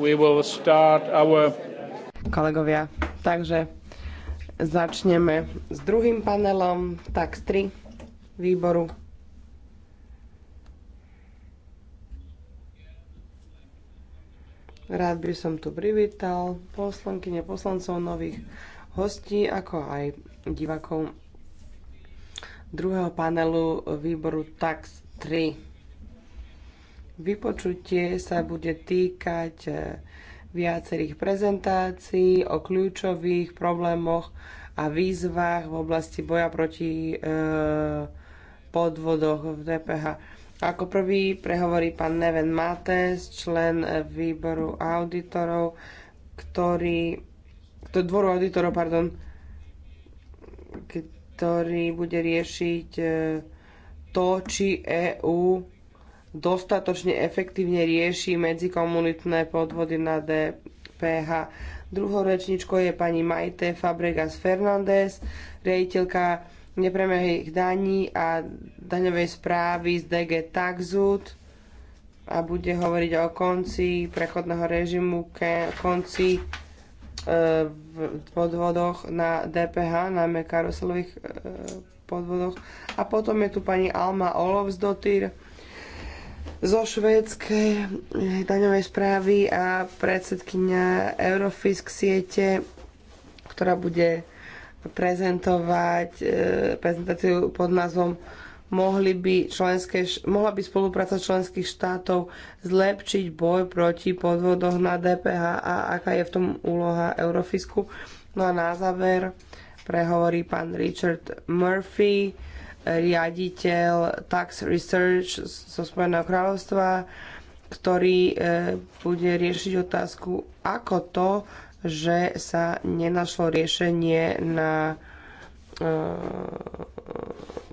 we will start our... Kolegovia, takže začneme s druhým panelom, tak z 3 výboru. Rád by som tu privítal poslankyne poslancov nových hostí, ako aj divakov druhého panelu výboru TAX 3. Vypočutie sa bude týkať e, viacerých prezentácií o kľúčových problémoch a výzvach v oblasti boja proti e, podvodoch v DPH. Ako prvý prehovorí pán Neven Mates, člen výboru auditorov, ktorý, to dvoru auditorov, pardon, ktorý bude riešiť e, to, či EÚ dostatočne efektívne rieši medzikomunitné podvody na DPH. Druhou rečničkou je pani Majte Fabregas Fernández, riaditeľka nepremehých daní a daňovej správy z DG Taxud a bude hovoriť o konci prechodného režimu, ke, konci e, v podvodoch na DPH, najmä karuselových e, podvodoch. A potom je tu pani Alma Olovsdottir, zo švédskej eh, daňovej správy a predsedkynia Eurofisk siete, ktorá bude prezentovať e, prezentáciu pod názvom mohli by členské, mohla by spolupráca členských štátov zlepšiť boj proti podvodoch na DPH a aká je v tom úloha Eurofisku. No a na záver prehovorí pán Richard Murphy, riaditeľ Tax Research zo Spojeného kráľovstva, ktorý e, bude riešiť otázku, ako to, že sa nenašlo riešenie na e,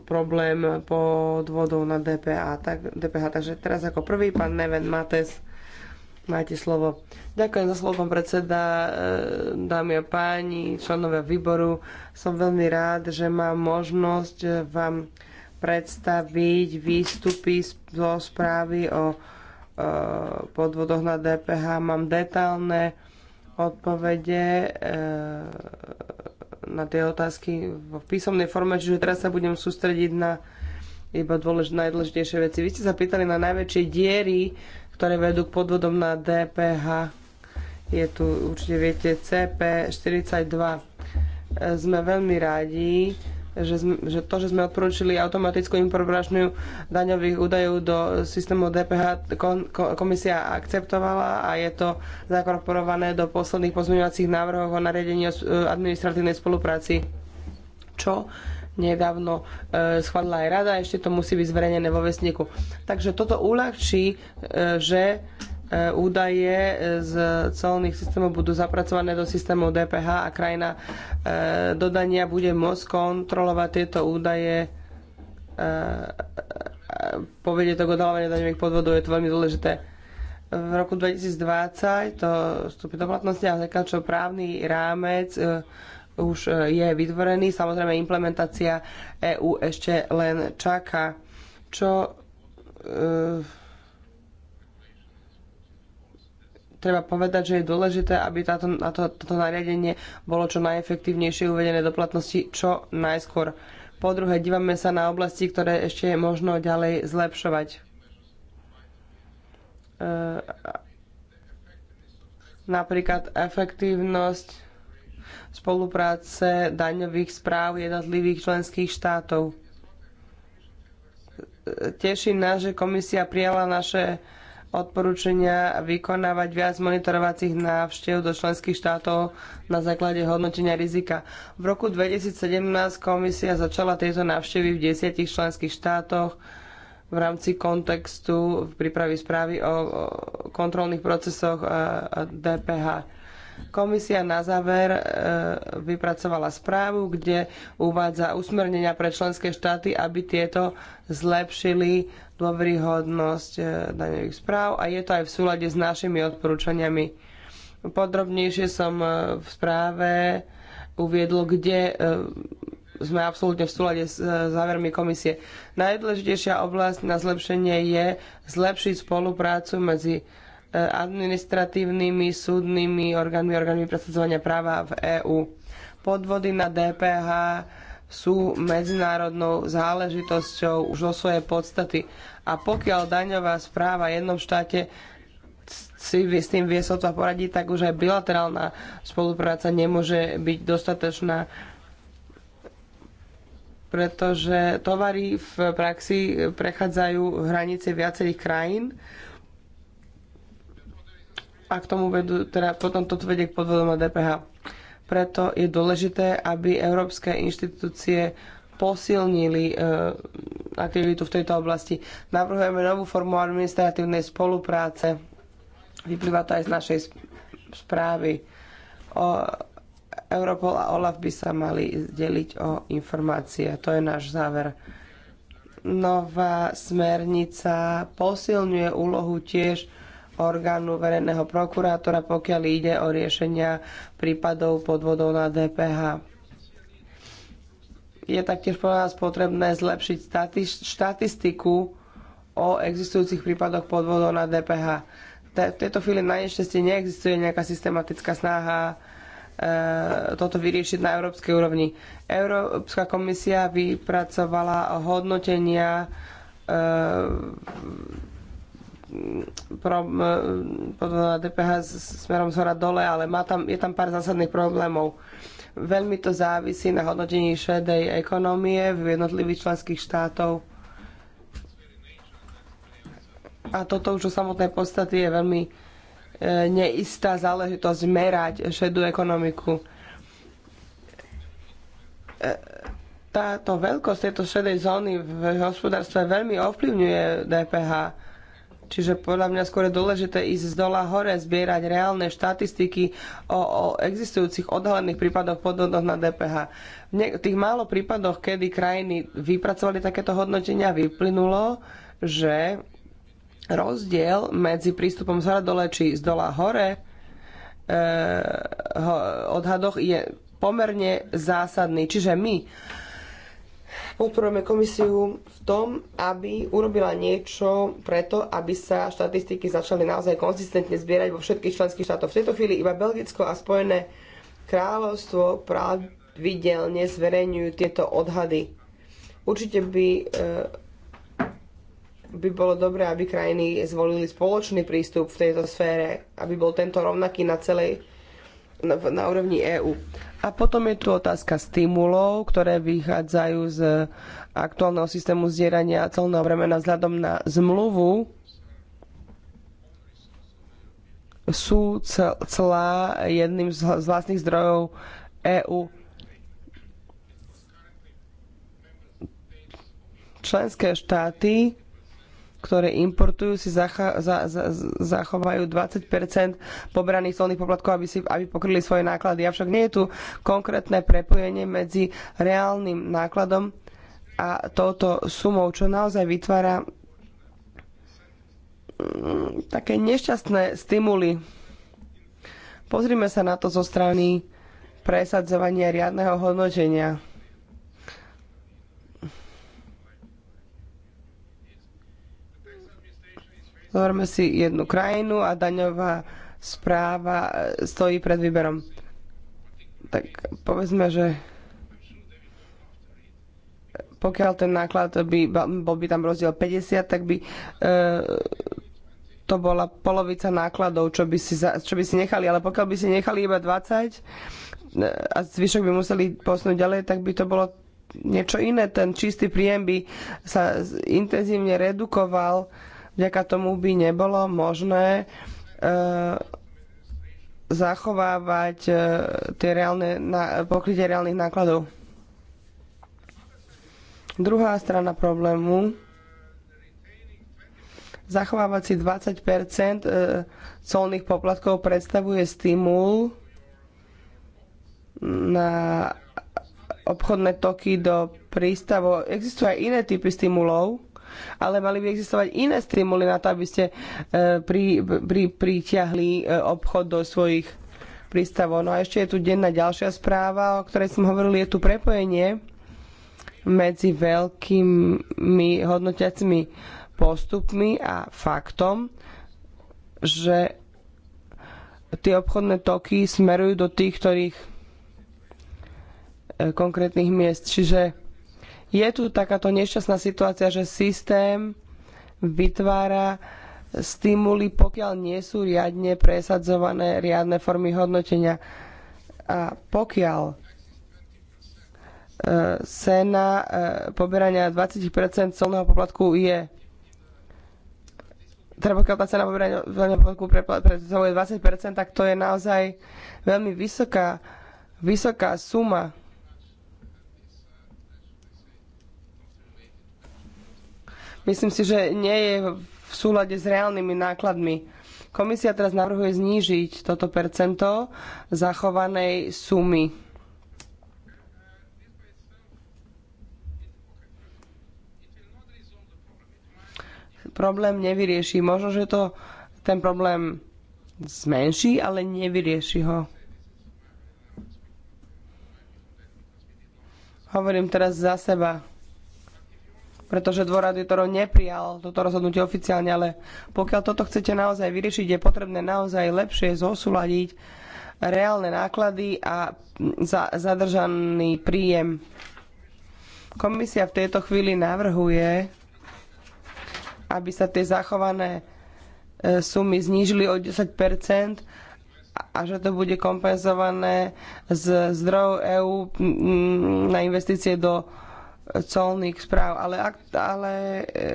problém pod vodou na DPH. Tak, DPH. Takže teraz ako prvý pán Neven Mates. Máte slovo. Ďakujem za slovo, pán predseda, eh, dámy a páni, členovia výboru. Som veľmi rád, že mám možnosť eh, vám predstaviť výstupy zo správy o eh, podvodoch na DPH. Mám detailné odpovede na tie otázky v písomnej forme, čiže teraz sa budem sústrediť na iba dôlež- najdôležitejšie veci. Vy ste sa pýtali na najväčšie diery ktoré vedú k podvodom na DPH. Je tu určite, viete, CP42. Sme veľmi radi, že, sme, že to, že sme odporúčili automatickú inkorporačnú daňových údajov do systému DPH, kon, komisia akceptovala a je to zakorporované do posledných pozmeňovacích návrhov o nariadení e, administratívnej spolupráci, čo nedávno e, schválila aj rada, ešte to musí byť zverejnené vo vesníku. Takže toto uľahčí, e, že e, údaje z celných systémov budú zapracované do systému DPH a krajina dodania bude môcť kontrolovať tieto údaje povedie to k odhalovaniu daňových podvodov, je to veľmi dôležité. V roku 2020 to vstúpi do platnosti a zakačo právny rámec už e, je vytvorený. Samozrejme, implementácia EÚ ešte len čaká. Čo e, treba povedať, že je dôležité, aby táto, to, toto nariadenie bolo čo najefektívnejšie uvedené do platnosti čo najskôr. Po druhé, dívame sa na oblasti, ktoré ešte je možno ďalej zlepšovať. E, napríklad efektívnosť spolupráce daňových správ jednotlivých členských štátov. Teší nás, že komisia prijala naše odporúčania vykonávať viac monitorovacích návštev do členských štátov na základe hodnotenia rizika. V roku 2017 komisia začala tieto návštevy v desiatich členských štátoch v rámci kontextu v prípravy správy o kontrolných procesoch DPH. Komisia na záver e, vypracovala správu, kde uvádza usmernenia pre členské štáty, aby tieto zlepšili dôveryhodnosť e, daňových správ a je to aj v súlade s našimi odporúčaniami. Podrobnejšie som e, v správe uviedol, kde sme absolútne v súlade s závermi komisie. Najdôležitejšia oblasť na zlepšenie je zlepšiť spoluprácu medzi administratívnymi, súdnymi orgánmi, orgánmi presadzovania práva v EÚ. Podvody na DPH sú medzinárodnou záležitosťou už o svojej podstaty. A pokiaľ daňová správa v jednom štáte si s tým vie sotva poradiť, tak už aj bilaterálna spolupráca nemôže byť dostatočná pretože tovary v praxi prechádzajú hranice viacerých krajín a k tomu vedú, teda potom toto vedie k podvodom na DPH. Preto je dôležité, aby európske inštitúcie posilnili e, aktivitu v tejto oblasti. Navrhujeme novú formu administratívnej spolupráce. Vyplýva to aj z našej správy. O, Europol a OLAF by sa mali deliť o informácie. To je náš záver. Nová smernica posilňuje úlohu tiež orgánu verejného prokurátora, pokiaľ ide o riešenia prípadov podvodov na DPH. Je taktiež podľa nás potrebné zlepšiť štatistiku o existujúcich prípadoch podvodov na DPH. V tejto chvíli na nešťastie neexistuje nejaká systematická snaha e, toto vyriešiť na európskej úrovni. Európska komisia vypracovala hodnotenia e, podľa DPH smerom zhora dole, ale má tam, je tam pár zásadných problémov. Veľmi to závisí na hodnotení šedej ekonomie v jednotlivých členských štátov. A toto už o samotnej podstaty je veľmi e, neistá záležitosť merať šedú ekonomiku. E, táto veľkosť tejto šedej zóny v hospodárstve veľmi ovplyvňuje DPH Čiže podľa mňa skôr je dôležité ísť z dola hore, zbierať reálne štatistiky o, o existujúcich odhalených prípadoch podvodov na DPH. V ne- tých málo prípadoch, kedy krajiny vypracovali takéto hodnotenia, vyplynulo, že rozdiel medzi prístupom z hora dole či z dola hore e, ho, odhadoch je pomerne zásadný. Čiže my podporujeme komisiu v tom, aby urobila niečo preto, aby sa štatistiky začali naozaj konzistentne zbierať vo všetkých členských štátoch. V tejto chvíli iba Belgicko a Spojené kráľovstvo pravidelne zverejňujú tieto odhady. Určite by eh, by bolo dobré, aby krajiny zvolili spoločný prístup v tejto sfére, aby bol tento rovnaký na celej na úrovni EÚ. A potom je tu otázka stimulov, ktoré vychádzajú z aktuálneho systému zdierania celného bremena vzhľadom na zmluvu. Sú celá jedným z vlastných zdrojov EÚ. Členské štáty ktoré importujú, si zacha- za- za- zachovajú 20 pobraných solných poplatkov, aby, si, aby pokryli svoje náklady. Avšak nie je tu konkrétne prepojenie medzi reálnym nákladom a touto sumou, čo naozaj vytvára mm, také nešťastné stimuly. Pozrime sa na to zo strany presadzovania riadneho hodnotenia zoberme si jednu krajinu a daňová správa e, stojí pred výberom. Tak povedzme, že pokiaľ ten náklad by, bol by tam rozdiel 50, tak by e, to bola polovica nákladov, čo by, si za, čo by si nechali. Ale pokiaľ by si nechali iba 20 e, a zvyšok by museli posunúť ďalej, tak by to bolo niečo iné. Ten čistý príjem by sa intenzívne redukoval Vďaka tomu by nebolo možné e, zachovávať e, tie reálne, pokrytie reálnych nákladov. Druhá strana problému zachovávať si 20 colných poplatkov predstavuje stimul na obchodné toky do prístavov. Existujú aj iné typy stimulov, ale mali by existovať iné stimuly na to, aby ste e, pri, pri, pritiahli e, obchod do svojich prístavov. No a ešte je tu denná ďalšia správa, o ktorej som hovoril, je tu prepojenie medzi veľkými hodnotiacimi postupmi a faktom, že tie obchodné toky smerujú do tých, ktorých e, konkrétnych miest. Čiže je tu takáto nešťastná situácia, že systém vytvára stimuly, pokiaľ nie sú riadne presadzované riadne formy hodnotenia. A pokiaľ e, cena e, poberania 20% celného poplatku je teda pokiaľ tá cena poberania celného poplatku predstavuje 20%, tak to je naozaj veľmi vysoká, vysoká suma myslím si, že nie je v súlade s reálnymi nákladmi. Komisia teraz navrhuje znížiť toto percento zachovanej sumy. Problém nevyrieši. Možno, že to ten problém zmenší, ale nevyrieši ho. Hovorím teraz za seba pretože dvor auditorov neprijal toto rozhodnutie oficiálne, ale pokiaľ toto chcete naozaj vyriešiť, je potrebné naozaj lepšie zosúľadiť reálne náklady a za, zadržaný príjem. Komisia v tejto chvíli navrhuje, aby sa tie zachované e, sumy znížili o 10 a že to bude kompenzované z zdrojov EÚ na investície do colných správ, ale, ale e,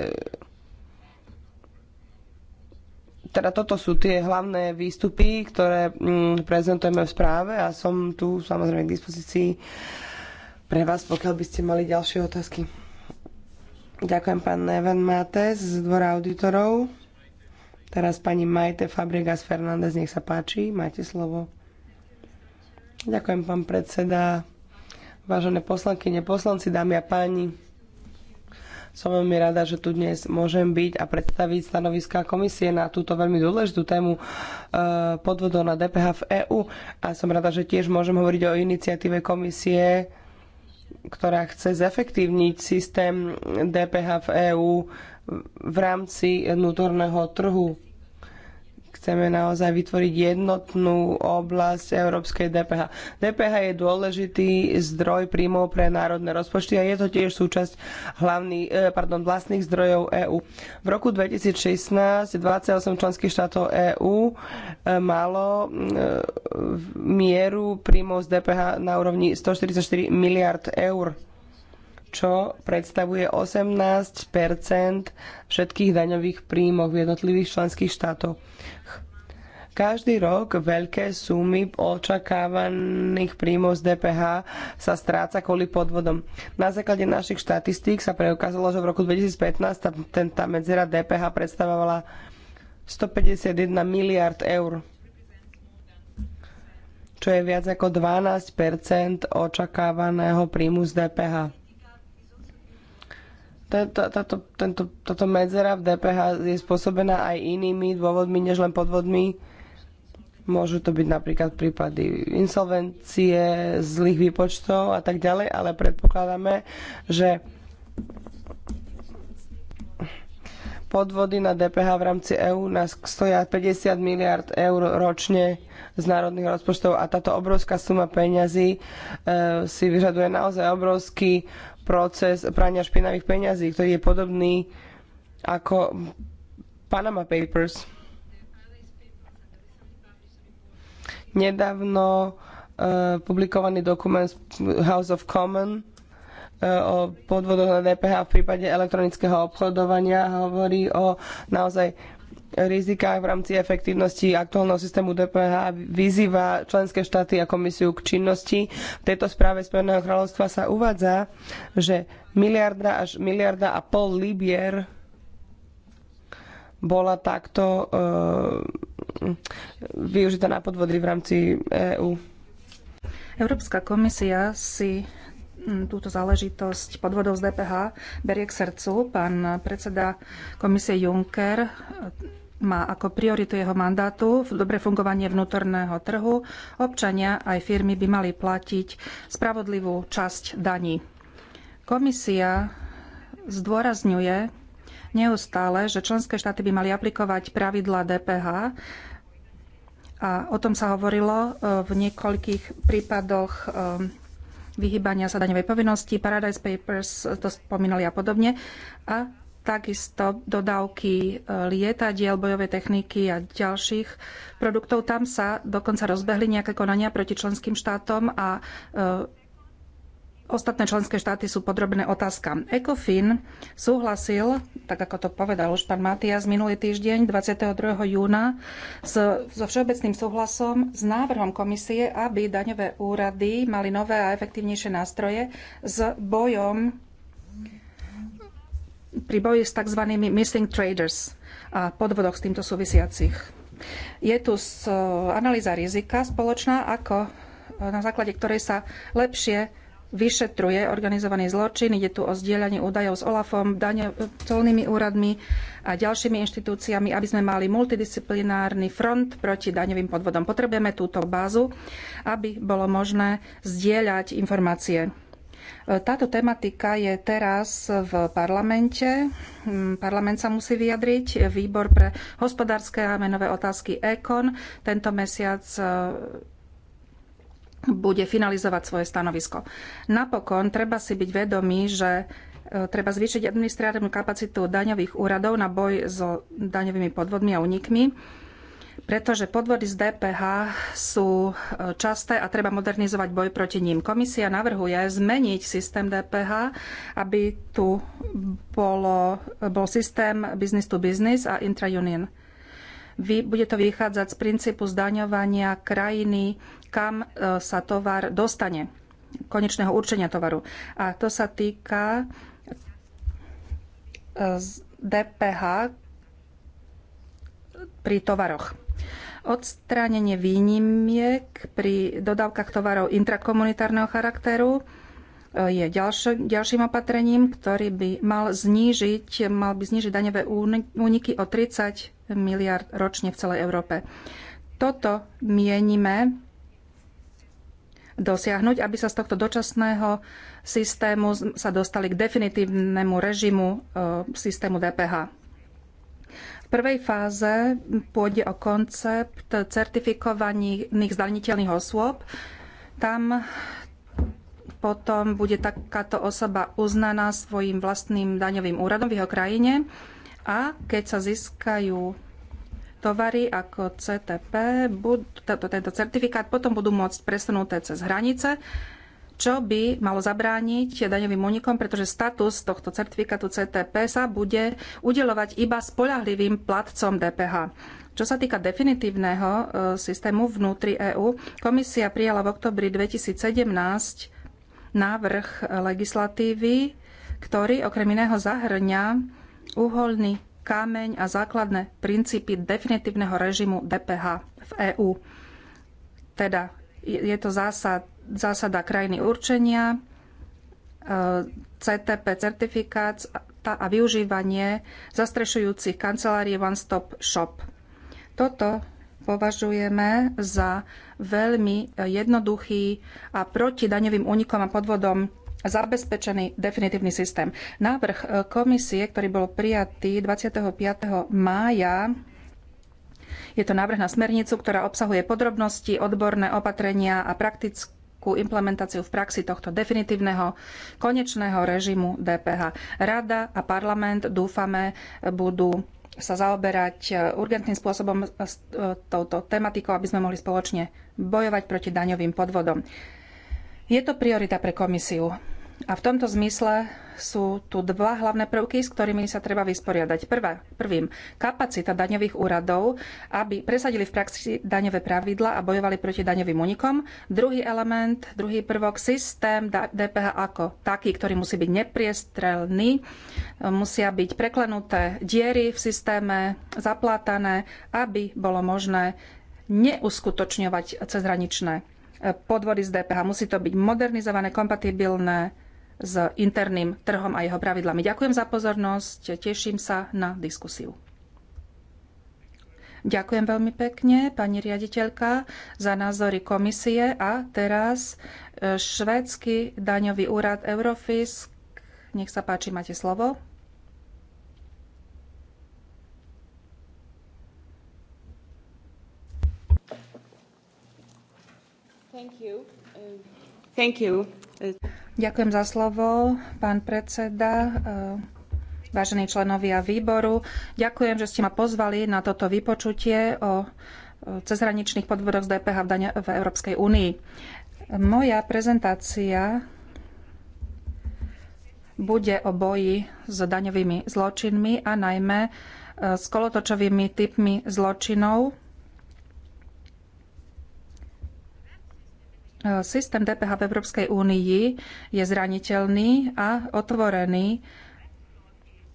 teda toto sú tie hlavné výstupy, ktoré mm, prezentujeme v správe a som tu samozrejme k dispozícii pre vás, pokiaľ by ste mali ďalšie otázky. Ďakujem pán Neven Mates z Dvora auditorov. Teraz pani Majte Fabregas Fernández, nech sa páči, máte slovo. Ďakujem pán predseda vážené poslanky, poslanci, dámy a páni. Som veľmi rada, že tu dnes môžem byť a predstaviť stanoviská komisie na túto veľmi dôležitú tému e, podvodov na DPH v EÚ. A som rada, že tiež môžem hovoriť o iniciatíve komisie, ktorá chce zefektívniť systém DPH v EÚ v rámci vnútorného trhu chceme naozaj vytvoriť jednotnú oblasť európskej DPH. DPH je dôležitý zdroj príjmov pre národné rozpočty a je to tiež súčasť hlavný, e, pardon, vlastných zdrojov EÚ. V roku 2016 28 členských štátov EÚ e, malo e, mieru príjmov z DPH na úrovni 144 miliard eur čo predstavuje 18 všetkých daňových príjmov v jednotlivých členských štátoch. Každý rok veľké sumy očakávaných príjmov z DPH sa stráca kvôli podvodom. Na základe našich štatistík sa preukázalo, že v roku 2015 tá, tá medzera DPH predstavovala 151 miliard eur, čo je viac ako 12 očakávaného príjmu z DPH. Tento, táto, tento, táto medzera v DPH je spôsobená aj inými dôvodmi, než len podvodmi. Môžu to byť napríklad prípady insolvencie, zlých výpočtov a tak ďalej, ale predpokladáme, že podvody na DPH v rámci EÚ nás stoja 50 miliard eur ročne z národných rozpočtov a táto obrovská suma peňazí e, si vyžaduje naozaj obrovský proces prania špinavých peňazí, ktorý je podobný ako Panama Papers. Nedávno uh, publikovaný dokument House of Commons e, o podvodoch na DPH v prípade elektronického obchodovania hovorí o naozaj rizikách v rámci efektívnosti aktuálneho systému DPH vyzýva členské štáty a komisiu k činnosti. V tejto správe Spojeného kráľovstva sa uvádza, že miliarda až miliarda a pol libier bola takto e, využitá na podvody v rámci EÚ. EU. Európska komisia si hm, túto záležitosť podvodov z DPH berie k srdcu. Pán predseda komisie Juncker má ako prioritu jeho mandátu dobre fungovanie vnútorného trhu. Občania aj firmy by mali platiť spravodlivú časť daní. Komisia zdôrazňuje neustále, že členské štáty by mali aplikovať pravidla DPH a o tom sa hovorilo e, v niekoľkých prípadoch e, vyhýbania sa daňovej povinnosti, Paradise Papers, to spomínali a podobne. A takisto dodávky e, lietadiel, bojové techniky a ďalších produktov. Tam sa dokonca rozbehli nejaké konania proti členským štátom a e, ostatné členské štáty sú podrobné otázkam. ECOFIN súhlasil, tak ako to povedal už pán Matias minulý týždeň 22. júna, so všeobecným súhlasom s návrhom komisie, aby daňové úrady mali nové a efektívnejšie nástroje s bojom pri boji s tzv. missing traders a podvodoch s týmto súvisiacich. Je tu e, analýza rizika spoločná, ako e, na základe ktorej sa lepšie vyšetruje organizovaný zločin. Ide tu o zdieľanie údajov s OLAFom, daňovými e, úradmi a ďalšími inštitúciami, aby sme mali multidisciplinárny front proti daňovým podvodom. Potrebujeme túto bázu, aby bolo možné zdieľať informácie. E, táto tematika je teraz v parlamente. Mm, parlament sa musí vyjadriť. Výbor pre hospodárske a menové otázky EKON tento mesiac e, bude finalizovať svoje stanovisko. Napokon treba si byť vedomý, že e, treba zvýšiť administratívnu kapacitu daňových úradov na boj so daňovými podvodmi a unikmi pretože podvody z DPH sú e, časté a treba modernizovať boj proti ním. Komisia navrhuje zmeniť systém DPH, aby tu bolo, bol systém business to business a intra-union. Bude to vychádzať z princípu zdaňovania krajiny, kam e, sa tovar dostane, konečného určenia tovaru. A to sa týka e, DPH pri tovaroch odstránenie výnimiek pri dodávkach tovarov intrakomunitárneho charakteru e, je ďalšo, ďalším opatrením, ktorý by mal znížiť, mal by znížiť daňové úniky o 30 miliard ročne v celej Európe. Toto mienime dosiahnuť, aby sa z tohto dočasného systému sa dostali k definitívnemu režimu e, systému DPH prvej fáze pôjde o koncept certifikovaných zdaniteľných osôb. Tam potom bude takáto osoba uznaná svojim vlastným daňovým úradom v jeho krajine a keď sa získajú tovary ako CTP, tento certifikát potom budú môcť presunúť cez hranice čo by malo zabrániť daňovým únikom, pretože status tohto certifikátu CTP sa bude udelovať iba spolahlivým platcom DPH. Čo sa týka definitívneho e, systému vnútri EÚ, komisia prijala v oktobri 2017 návrh legislatívy, ktorý okrem iného zahrňa uholný kameň a základné princípy definitívneho režimu DPH v EÚ. Teda je to zásad zásada krajiny určenia, e, CTP certifikát a využívanie zastrešujúcich kancelárie One Stop Shop. Toto považujeme za veľmi jednoduchý a proti daňovým únikom a podvodom zabezpečený definitívny systém. Návrh e, komisie, ktorý bol prijatý 25. mája, je to návrh na smernicu, ktorá obsahuje podrobnosti, odborné opatrenia a praktické ku implementáciu v praxi tohto definitívneho konečného režimu DPH. Rada a parlament dúfame budú sa zaoberať e, urgentným spôsobom s e, touto tematikou, aby sme mohli spoločne bojovať proti daňovým podvodom. Je to priorita pre komisiu. A v tomto zmysle sú tu dva hlavné prvky, s ktorými sa treba vysporiadať. Prvá, prvým, kapacita daňových úradov, aby presadili v praxi daňové pravidla a bojovali proti daňovým unikom. Druhý element, druhý prvok, systém DPH ako taký, ktorý musí byť nepriestrelný, musia byť preklenuté diery v systéme, zaplátané, aby bolo možné neuskutočňovať cezhraničné podvody z DPH. Musí to byť modernizované, kompatibilné s interným trhom a jeho pravidlami. Ďakujem za pozornosť, teším sa na diskusiu. Ďakujem veľmi pekne, pani riaditeľka, za názory komisie. A teraz e, švédsky daňový úrad Eurofisk. Nech sa páči, máte slovo. Thank you. Thank you. Ďakujem za slovo, pán predseda, eh, vážení členovia výboru. Ďakujem, že ste ma pozvali na toto vypočutie o eh, cezhraničných podvodoch z DPH v, dane, v Európskej únii. Moja prezentácia bude o boji s daňovými zločinmi a najmä eh, s kolotočovými typmi zločinov, E, systém DPH v Európskej únii je zraniteľný a otvorený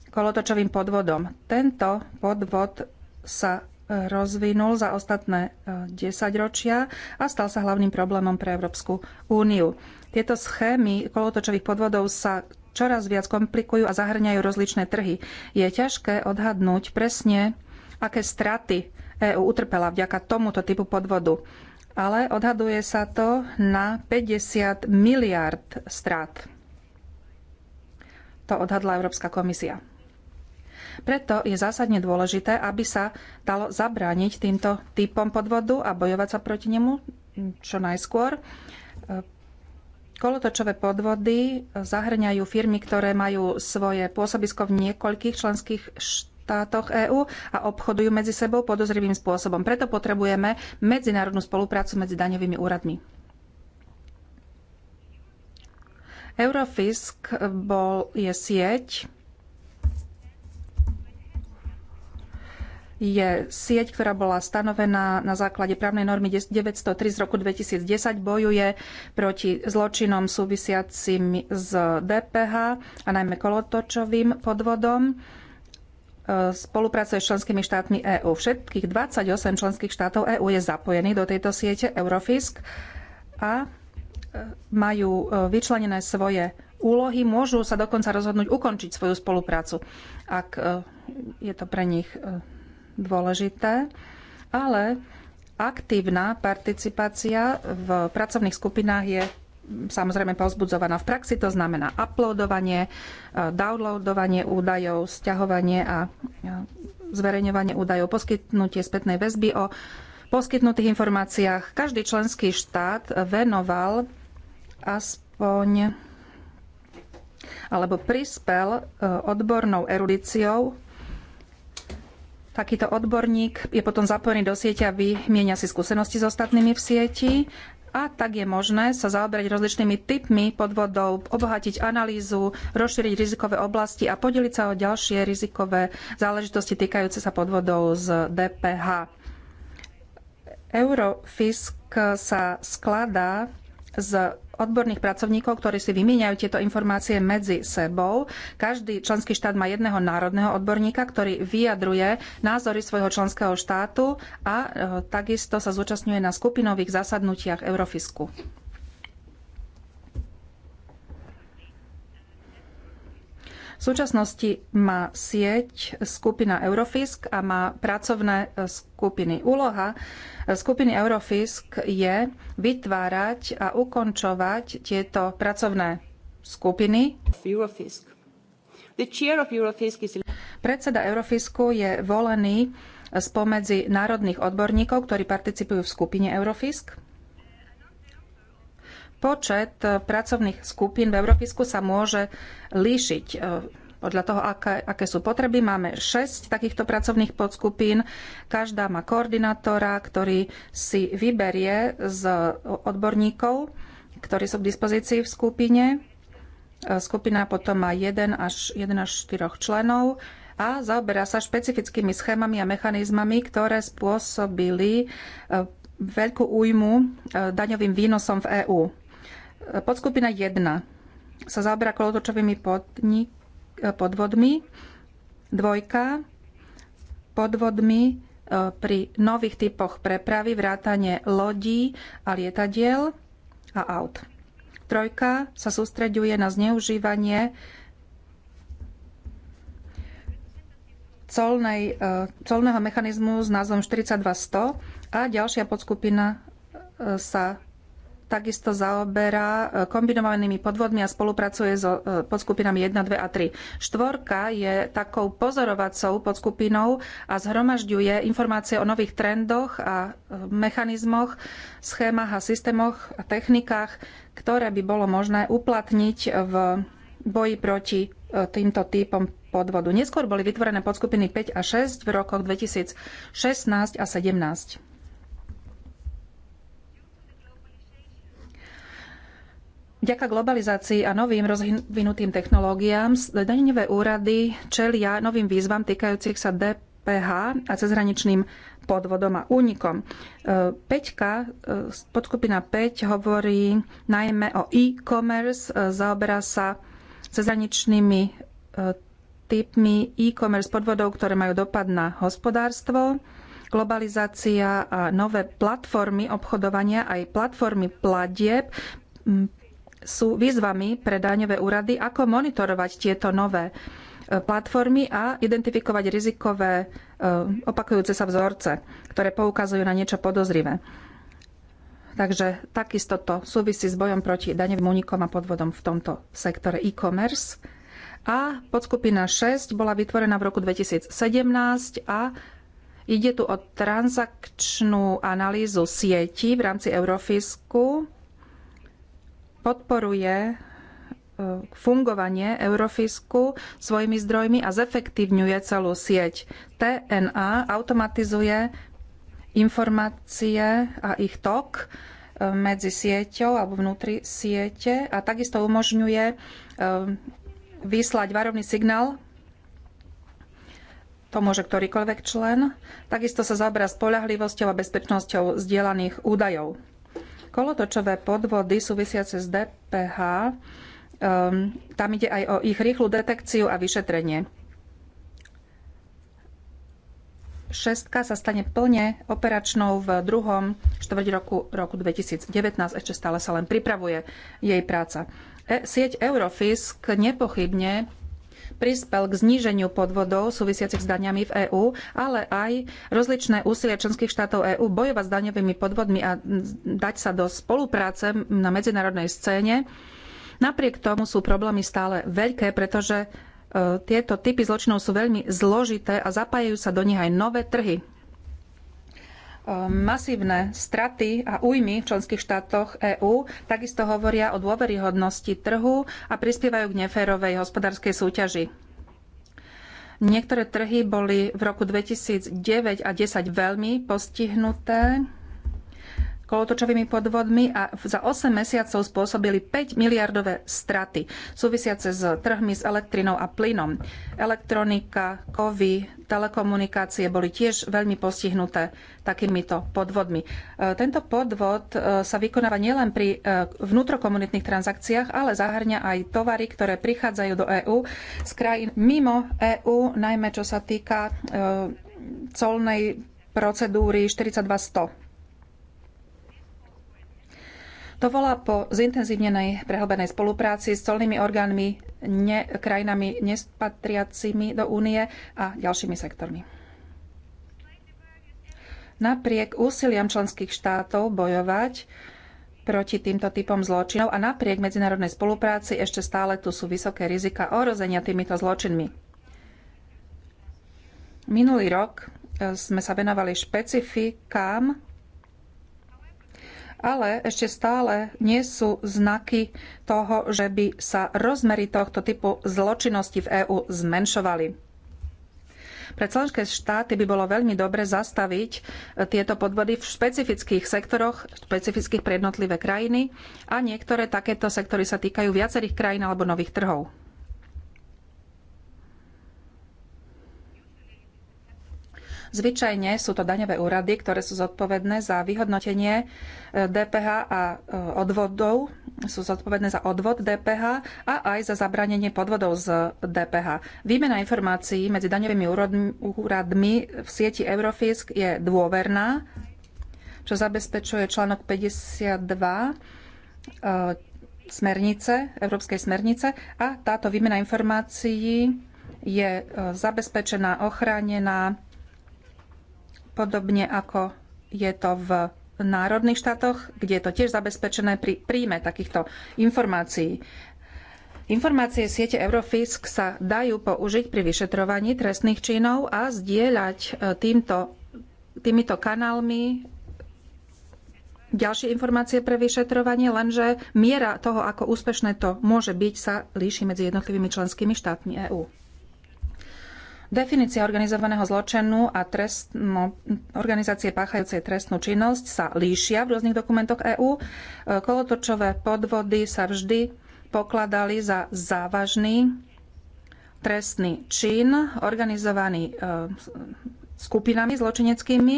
kolotočovým podvodom. Tento podvod sa rozvinul za ostatné 10 e, ročia a stal sa hlavným problémom pre Európsku úniu. Tieto schémy kolotočových podvodov sa čoraz viac komplikujú a zahrňajú rozličné trhy. Je ťažké odhadnúť presne, aké straty EÚ utrpela vďaka tomuto typu podvodu ale odhaduje sa to na 50 miliard strát. To odhadla Európska komisia. Preto je zásadne dôležité, aby sa dalo zabrániť týmto typom podvodu a bojovať sa proti nemu čo najskôr. Kolotočové podvody zahrňajú firmy, ktoré majú svoje pôsobisko v niekoľkých členských štátoch štátoch EÚ a obchodujú medzi sebou podozrivým spôsobom. Preto potrebujeme medzinárodnú spoluprácu medzi daňovými úradmi. Eurofisk bol, je sieť, je sieť, ktorá bola stanovená na základe právnej normy 903 z roku 2010, bojuje proti zločinom súvisiacim s DPH a najmä kolotočovým podvodom spolupracuje s členskými štátmi EÚ. Všetkých 28 členských štátov EÚ je zapojených do tejto siete Eurofisk a e, majú e, vyčlenené svoje úlohy, môžu sa dokonca rozhodnúť ukončiť svoju spoluprácu, ak e, je to pre nich dôležité. Ale aktívna participácia v pracovných skupinách je samozrejme povzbudzovaná v praxi, to znamená uploadovanie, e, downloadovanie údajov, stiahovanie a e, zverejňovanie údajov, poskytnutie spätnej väzby o poskytnutých informáciách. Každý členský štát venoval aspoň alebo prispel e, odbornou erudíciou Takýto odborník je potom zapojený do sieťa a vymieňa si skúsenosti s ostatnými v sieti a tak je možné sa zaoberať rozličnými typmi podvodov, obohatiť analýzu, rozšíriť rizikové oblasti a podeliť sa o ďalšie rizikové záležitosti týkajúce sa podvodov z DPH. Eurofisk sa skladá z odborných pracovníkov, ktorí si vymieňajú tieto informácie medzi sebou. Každý členský štát má jedného národného odborníka, ktorý vyjadruje názory svojho členského štátu a e, takisto sa zúčastňuje na skupinových zasadnutiach Eurofisku. V súčasnosti má sieť skupina Eurofisk a má pracovné e, skupiny. Úloha e, skupiny Eurofisk je vytvárať a ukončovať tieto pracovné skupiny. Eurofisk. Eurofisk is... Predseda Eurofisku je volený spomedzi národných odborníkov, ktorí participujú v skupine Eurofisk počet e, pracovných skupín v Európisku sa môže líšiť e, podľa toho, aké, aké sú potreby. Máme 6 takýchto pracovných podskupín. Každá má koordinátora, ktorý si vyberie z odborníkov, ktorí sú k dispozícii v skupine. E, skupina potom má 1 až, 1 až 4 členov a zaoberá sa špecifickými schémami a mechanizmami, ktoré spôsobili veľkú újmu daňovým výnosom v EÚ. Podskupina 1 sa zaoberá kolotočovými podvodmi. Dvojka podvodmi e, pri nových typoch prepravy, vrátane lodí a lietadiel a aut. Trojka sa sústreďuje na zneužívanie colnej, e, colného mechanizmu s názvom 42100 a ďalšia podskupina e, sa takisto zaoberá e, kombinovanými podvodmi a spolupracuje so e, podskupinami 1, 2 a 3. Štvorka je takou pozorovacou podskupinou a zhromažďuje informácie o nových trendoch a e, mechanizmoch, schémach a systémoch a technikách, ktoré by bolo možné uplatniť v boji proti týmto typom podvodu. Neskôr boli vytvorené podskupiny 5 a 6 v rokoch 2016 a 2017. Ďaka globalizácii a novým rozvinutým technológiám daňové úrady čelia novým výzvam týkajúcich sa DPH a cezhraničným podvodom a únikom. E, Peťka, e, podskupina 5 hovorí najmä o e-commerce, e, zaoberá sa cezhraničnými typmi e-commerce podvodov, ktoré majú dopad na hospodárstvo globalizácia a nové platformy obchodovania, aj platformy platieb sú výzvami pre daňové úrady, ako monitorovať tieto nové e, platformy a identifikovať rizikové e, opakujúce sa vzorce, ktoré poukazujú na niečo podozrivé. Takže takisto to súvisí s bojom proti daňovým únikom a podvodom v tomto sektore e-commerce. A podskupina 6 bola vytvorená v roku 2017 a ide tu o transakčnú analýzu sieti v rámci Eurofisku podporuje e, fungovanie Eurofisku svojimi zdrojmi a zefektívňuje celú sieť. TNA automatizuje informácie a ich tok e, medzi sieťou alebo vnútri siete a takisto umožňuje e, vyslať varovný signál to môže ktorýkoľvek člen. Takisto sa zaoberá spolahlivosťou a bezpečnosťou zdieľaných údajov. Kolotočové podvody súvisiace s DPH, um, tam ide aj o ich rýchlu detekciu a vyšetrenie. Šestka sa stane plne operačnou v druhom štvrť roku, roku 2019. Ešte stále sa len pripravuje jej práca. E, sieť Eurofisk nepochybne prispel k zníženiu podvodov súvisiacich s daňami v EÚ, ale aj rozličné úsilie členských štátov EÚ bojovať s daňovými podvodmi a dať sa do spolupráce na medzinárodnej scéne. Napriek tomu sú problémy stále veľké, pretože e, tieto typy zločinov sú veľmi zložité a zapájajú sa do nich aj nové trhy. E, masívne straty a újmy v členských štátoch EÚ takisto hovoria o dôveryhodnosti trhu a prispievajú k neférovej hospodárskej súťaži. Niektoré trhy boli v roku 2009 a 2010 veľmi postihnuté kolotočovými podvodmi a za 8 mesiacov spôsobili 5 miliardové straty súvisiace s trhmi s elektrinou a plynom. Elektronika, kovy, telekomunikácie boli tiež veľmi postihnuté takýmito podvodmi. E, tento podvod e, sa vykonáva nielen pri e, vnútrokomunitných transakciách, ale zahrňa aj tovary, ktoré prichádzajú do EÚ z krajín mimo EÚ, najmä čo sa týka colnej procedúry 42100 to volá po zintenzívnenej prehlbenej spolupráci s colnými orgánmi, ne, krajinami nespatriacimi do únie a ďalšími sektormi. Napriek úsiliam členských štátov bojovať proti týmto typom zločinov a napriek medzinárodnej spolupráci ešte stále tu sú vysoké rizika ohrozenia týmito zločinmi. Minulý rok eh, sme sa venovali špecifikám ale ešte stále nie sú znaky toho, že by sa rozmery tohto typu zločinnosti v EÚ zmenšovali. Pre členské štáty by bolo veľmi dobre zastaviť e, tieto podvody v špecifických sektoroch, špecifických pre jednotlivé krajiny a niektoré takéto sektory sa týkajú viacerých krajín alebo nových trhov. Zvyčajne sú to daňové úrady, ktoré sú zodpovedné za vyhodnotenie e, DPH a e, odvodov, sú zodpovedné za odvod DPH a aj za zabranenie podvodov z DPH. Výmena informácií medzi daňovými úradmi v sieti Eurofisk je dôverná, čo zabezpečuje článok 52 e, smernice, Európskej smernice a táto výmena informácií je zabezpečená, ochránená podobne ako je to v národných štátoch, kde je to tiež zabezpečené pri príjme takýchto informácií. Informácie siete Eurofisk sa dajú použiť pri vyšetrovaní trestných činov a zdieľať e, týmto, týmito kanálmi ďalšie informácie pre vyšetrovanie, lenže miera toho, ako úspešné to môže byť, sa líši medzi jednotlivými členskými štátmi EÚ. Definícia organizovaného zločinu a trestno, organizácie páchajúcej trestnú činnosť sa líšia v rôznych dokumentoch EÚ. E, kolotočové podvody sa vždy pokladali za závažný trestný čin organizovaný e, skupinami zločineckými.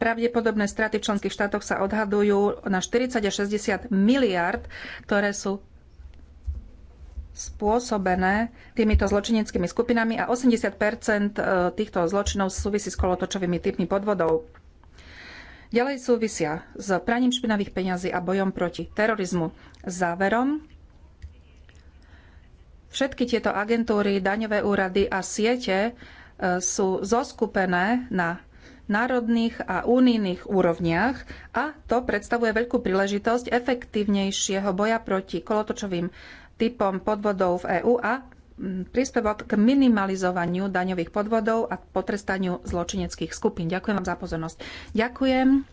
Pravdepodobné straty v členských štátoch sa odhadujú na 40 až 60 miliard, ktoré sú spôsobené týmito zločineckými skupinami a 80 e, týchto zločinov súvisí s kolotočovými typmi podvodov. Ďalej súvisia s praním špinavých peňazí a bojom proti terorizmu. Záverom, všetky tieto agentúry, daňové úrady a siete e, sú zoskupené na národných a unijných úrovniach a to predstavuje veľkú príležitosť efektívnejšieho boja proti kolotočovým typom podvodov v EÚ a mm, príspevok k minimalizovaniu daňových podvodov a potrestaniu zločineckých skupín. Ďakujem vám za pozornosť. Ďakujem.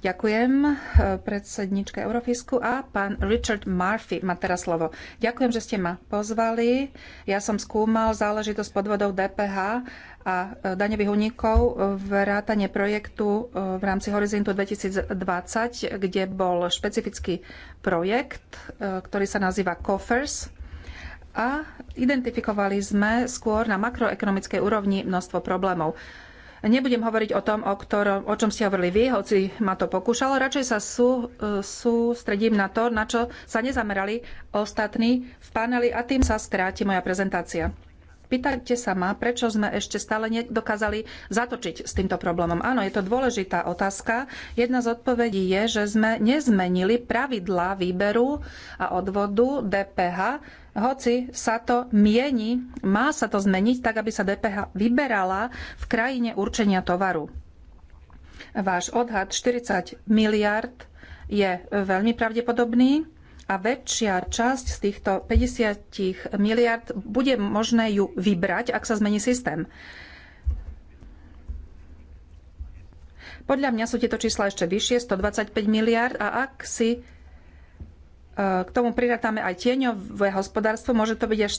Ďakujem eh, predsedničke Eurofisku a pán Richard Murphy má teraz slovo. Ďakujem, že ste ma pozvali. Ja som skúmal záležitosť podvodov DPH a e, daňových únikov rátane projektu e, v rámci Horizontu 2020, kde bol špecifický projekt, e, ktorý sa nazýva COFERS a identifikovali sme skôr na makroekonomickej úrovni množstvo problémov. Nebudem hovoriť o tom, o, ktorom, o čom ste hovorili vy, hoci ma to pokúšalo. Radšej sa sú, sústredím na to, na čo sa nezamerali ostatní v paneli a tým sa skráti moja prezentácia. Pýtajte sa ma, prečo sme ešte stále nedokázali zatočiť s týmto problémom. Áno, je to dôležitá otázka. Jedna z odpovedí je, že sme nezmenili pravidlá výberu a odvodu DPH, hoci sa to mieni, má sa to zmeniť tak, aby sa DPH vyberala v krajine určenia tovaru. Váš odhad 40 miliard je veľmi pravdepodobný a väčšia časť z týchto 50 miliard bude možné ju vybrať, ak sa zmení systém. Podľa mňa sú tieto čísla ešte vyššie, 125 miliard a ak si e, k tomu prirátame aj tieňové hospodárstvo, môže to byť až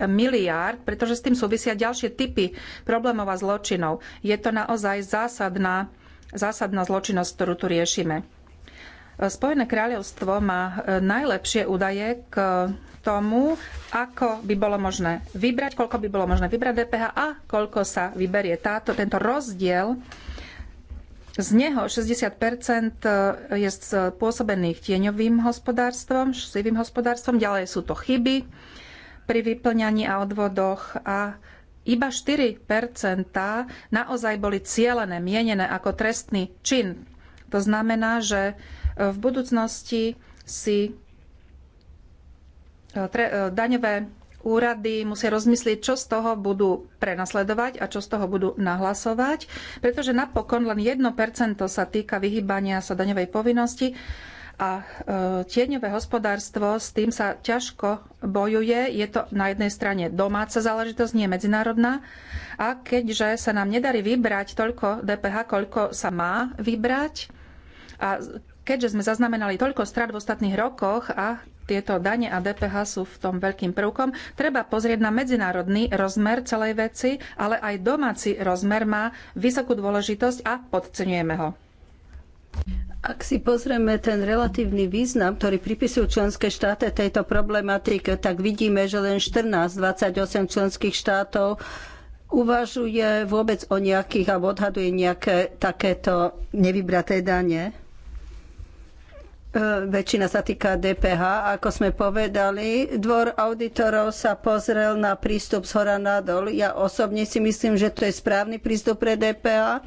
135 miliárd, pretože s tým súvisia ďalšie typy problémov a zločinov. Je to naozaj zásadná, zásadná zločinnosť, ktorú tu riešime. Spojené kráľovstvo má e, najlepšie údaje k tomu, ako by bolo možné vybrať, koľko by bolo možné vybrať DPH a koľko sa vyberie. Táto, tento rozdiel z neho 60 e, je spôsobených tieňovým hospodárstvom, sivým hospodárstvom, ďalej sú to chyby pri vyplňaní a odvodoch a iba 4 naozaj boli cielené, mienené ako trestný čin. To znamená, že v budúcnosti si e, e, daňové úrady musia rozmyslieť, čo z toho budú prenasledovať a čo z toho budú nahlasovať, pretože napokon len 1% sa týka vyhýbania sa daňovej povinnosti a e, tieňové hospodárstvo, s tým sa ťažko bojuje. Je to na jednej strane domáca záležitosť, nie medzinárodná. A keďže sa nám nedarí vybrať toľko DPH, koľko sa má vybrať, a Keďže sme zaznamenali toľko strat v ostatných rokoch a tieto dane a DPH sú v tom veľkým prvkom, treba pozrieť na medzinárodný rozmer celej veci, ale aj domáci rozmer má vysokú dôležitosť a podceňujeme ho. Ak si pozrieme ten relatívny význam, ktorý pripisujú členské štáty tejto problematike, tak vidíme, že len 14-28 členských štátov uvažuje vôbec o nejakých a odhaduje nejaké takéto nevybraté dane. E, väčšina sa týka DPH. Ako sme povedali, dvor auditorov sa pozrel na prístup z hora nadol. Ja osobne si myslím, že to je správny prístup pre DPH